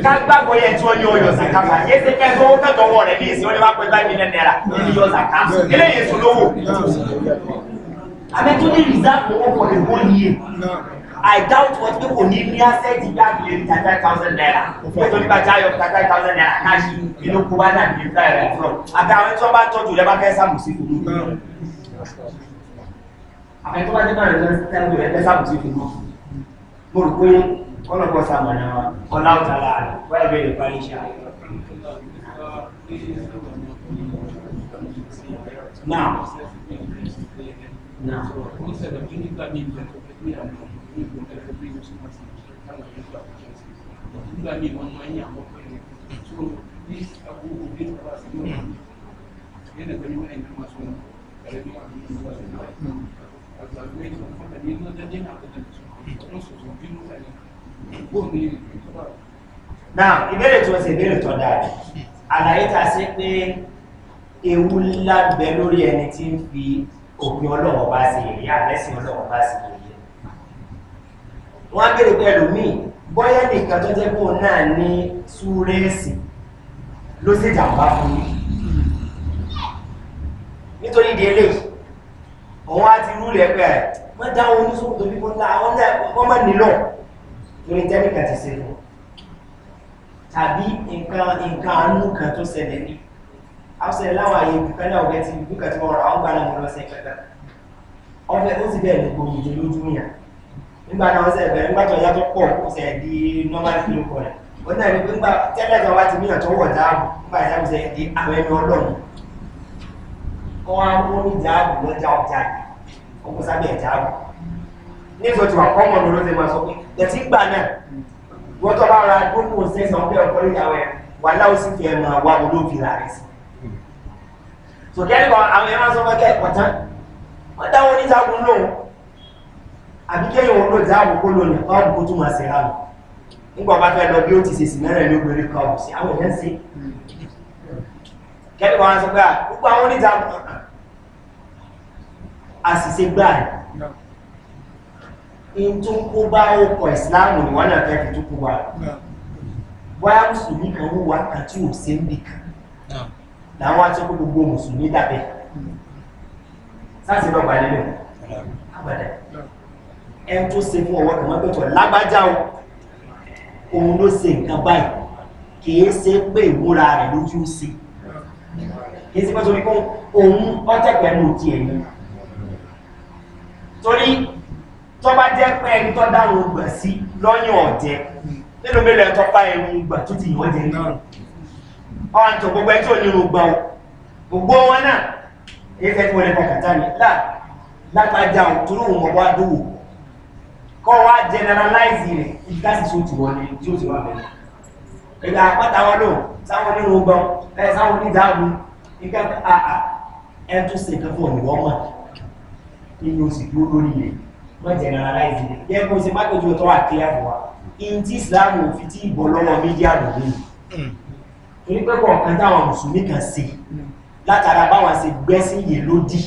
Ká gbàgbọ́ yẹn tí wọ́n ní ọyọ̀ zàká ma. Yé ṣe fẹ́ sọ́wọ́ kẹ́tọ̀ wọ̀ rẹ̀ ní ìsìn onímọ̀ pẹ̀lú five million naira ní yọ zàká. Eléyìí sùn lówó. Abẹ́túndé reserve owó for the whole year. I doubt what people need me asset if I give you 35,000 naira. Wait only by charge of 35,000 naira. cash, you know, Kuba and you fly right from. After I went to about church, you never get some music. After I went to about church, you never get some music. Mo rò pé wọ́n lọ bọ́ sàmọ̀nà ọlá ọ̀tá láàrin wọ́n ẹgbẹ́ ìlú parí iṣẹ́ àyè. Now, now ní ìlú nǹkan bí mo ṣe máa ti ṣe káwọn èèyàn gbà wọ́n jẹ́ sí i nígbà míì wọ́n máa ń yàn wọ́n pẹ̀lú ìbéèrè tí wọ́n ṣe ìbéèrè tó dáa àlàyé ta sí pé ewu ńlá ń lórí ẹni tí ń fi òfin ọlọ́wọ́ bá ṣe èyí àbẹ́sìn ọlọ́wọ́ bá ṣe èyí wọ́n á bèèrè pẹ̀lú míì bọ́yá nìkan tó jẹ́ pò náà ní súrẹ́ẹ̀sì ló sì jàǹbá fún yí nítorí ìdí eléyìí òun á ti rúlẹ̀ pé ẹ̀ wọ́n dá wọn oníṣòwò tó bíbọn ńlá àwọn náà wọ́n mọ̀ nílò torí tẹ́nìkà ti ṣe fún tàbí nǹkan nǹkan àánú kan tó ṣẹlẹ̀ ní àṣẹ láwọn àyè ìbùkánná ọ̀gẹ́ ti ìbùkà tí wọ́n rà wọ́n gbà náà mọ́ lọ́sẹ̀ kankan ọ̀fẹ́ ó ti bẹ́ẹ̀ lè gbòmìnir lójú yàn nígbà náà wọ́n sẹ̀ nígbà tó yá tó pọ̀ kó di normal film kọ̀ọ̀rẹ̀ wọ́n náà ní nígbà tẹ́lẹ̀ tó wá ti níyàn tó wọ̀ dáàbò nígbà ìyá sẹ̀ di àwọn ẹni ọlọ́run kọ́ wá mú ní dáàbò já ọjà ọkọ̀ sábẹ̀ dáàbò nítorí wà kọ́ mọ̀ ló máa sọ pé tẹ̀sí gbà náà wọ́n tọ́ bá ra gbogbo ṣẹ́sàn bẹ́ẹ̀ ọkọ̀ níyàwó ẹ̀ wà láwọ́ sí fi ẹ̀ máa wá rà rẹ̀ sí sòkè ẹnìkan àbí kéyìn òun ló jẹ́ àkókò lónìí kọ́ àbùkù tó máa ṣèrà nígbà bá fẹ́ lọ bí ó ti ṣe sì mẹ́rẹ̀ lóbìnrin kan sí àwọn èèyàn sí kẹ́lẹ̀ wọn sọ pé àwọn oníjà àṣìṣe gbà tó ń kó bá ọkọ̀ ìsìláàmù ni wọ́n náà fẹ́ fi gbogbo mùsùlùmí dàbẹ̀ ẹn tó ṣe fún ọwọ́ kan mọ́gbẹ́tọ̀ lágbájá o òun ló ṣe nǹkan báyìí kìí ṣe pé ìmúra rẹ̀ lójú sí kìí ṣe pé torí òun ọjẹ́ pẹ̀lú ti ẹ̀yìn torí tó bá jẹ́ pé ẹni tó dáhùn gbà sí lọ́yìn ọ̀jẹ́ nínú mélòó ẹ̀ tó pa ẹ̀rù gbà tó ti yàn jẹ náà ọ̀hún tó gbogbo ẹ̀ tó nínú gbà ó gbogbo wọn náà èyí fẹ́ tí wọ́n lè fọkàn tán ni láà lápájá òun ọ̀wá dúwò kọ́ wá generalize rẹ̀ ìdásí tó ti wọlé tí ó ti wà bẹ̀rẹ̀ ìgbà àpáta wọn lò sáwọn onírun gbọ́ ẹ sáwọn onídàáwù nígbà àà ah, ah, ẹ tó ṣe nǹkan fún òyìnbó mọ̀ nínú oṣù tó lórí rẹ̀ wọ́n generalize rẹ̀ yẹ kó ṣe mákòjú ọ̀tọ́ wà clear fún wa in ti islam ò fi tí ìbọ̀ lọ́wọ́ mídíà lòdì torí pé kọ̀ọ̀kan táwọn mùsùlùmí kan ṣe látara báwọn ṣe gbẹ́sìn yè lódì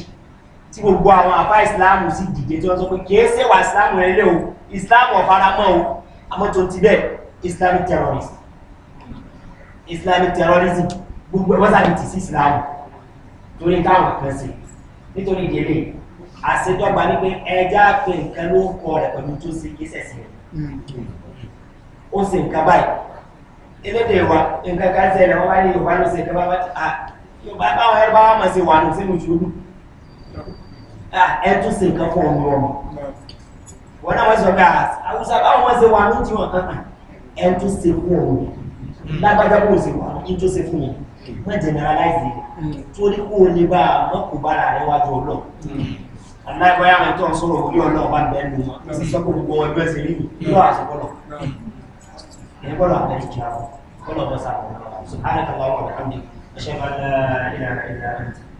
tí gbogbo àwọn àfá ìsìláàmù sí dìde tí wọ́n sọ pé kìí sẹ́wà ìsìláàmù rẹ̀ lé o ìsìláàmù ọ̀faramọ́ o àmọ́ tó ti bẹ́ẹ̀ islamic terrorism islamic terrorism gbogbo ẹ̀wọ́n sàbí ti sí ìsìláàmù torí táwọn kan sí nítorí ìdílé àṣetọ́gba ní pé ẹja fi nǹkan ló ń kọ rẹ̀ pẹ̀lú tó ṣe kí sẹ̀sì rẹ̀ ó sì nǹkan báyìí elédè wa nǹkan kan sẹ́yìn rẹ̀ wọ́n wá ní yorùbá ló ṣe nǹkan báyìí ah, yorùbá báwọn ẹ̀rọ bá wà mọ̀ sí wà nù sínú ìṣòro Ah, ẹ tún ṣe nǹkan fún ọmọ ọmọ wọn náà wọ́n sọ pé àwùsà ah, báwọn wọ́n ṣe wà ní tí wọ́n kàn án ẹ tún ṣe fún ọmọ lágbájá kò ṣe wà ní tó ṣe fún mi wọ́n generalize it e. torí kó o lè bá a wọ́n kò bára rẹ wájú ọlọ́ aláìbáyà wọn tó ń sọ̀rọ̀ orí ọlọ́ọ̀ bá bẹ́ẹ̀ lù wọn sí sọ́kò gbogbo ọjọ́ ẹsẹ̀ rí mi yóò àṣepọ̀lọ̀ ẹ̀ bọ́lọ̀ àbẹ̀rẹ̀ kí a bọ̀ bọ́lọ̀ bọ́ sáà wọn sọ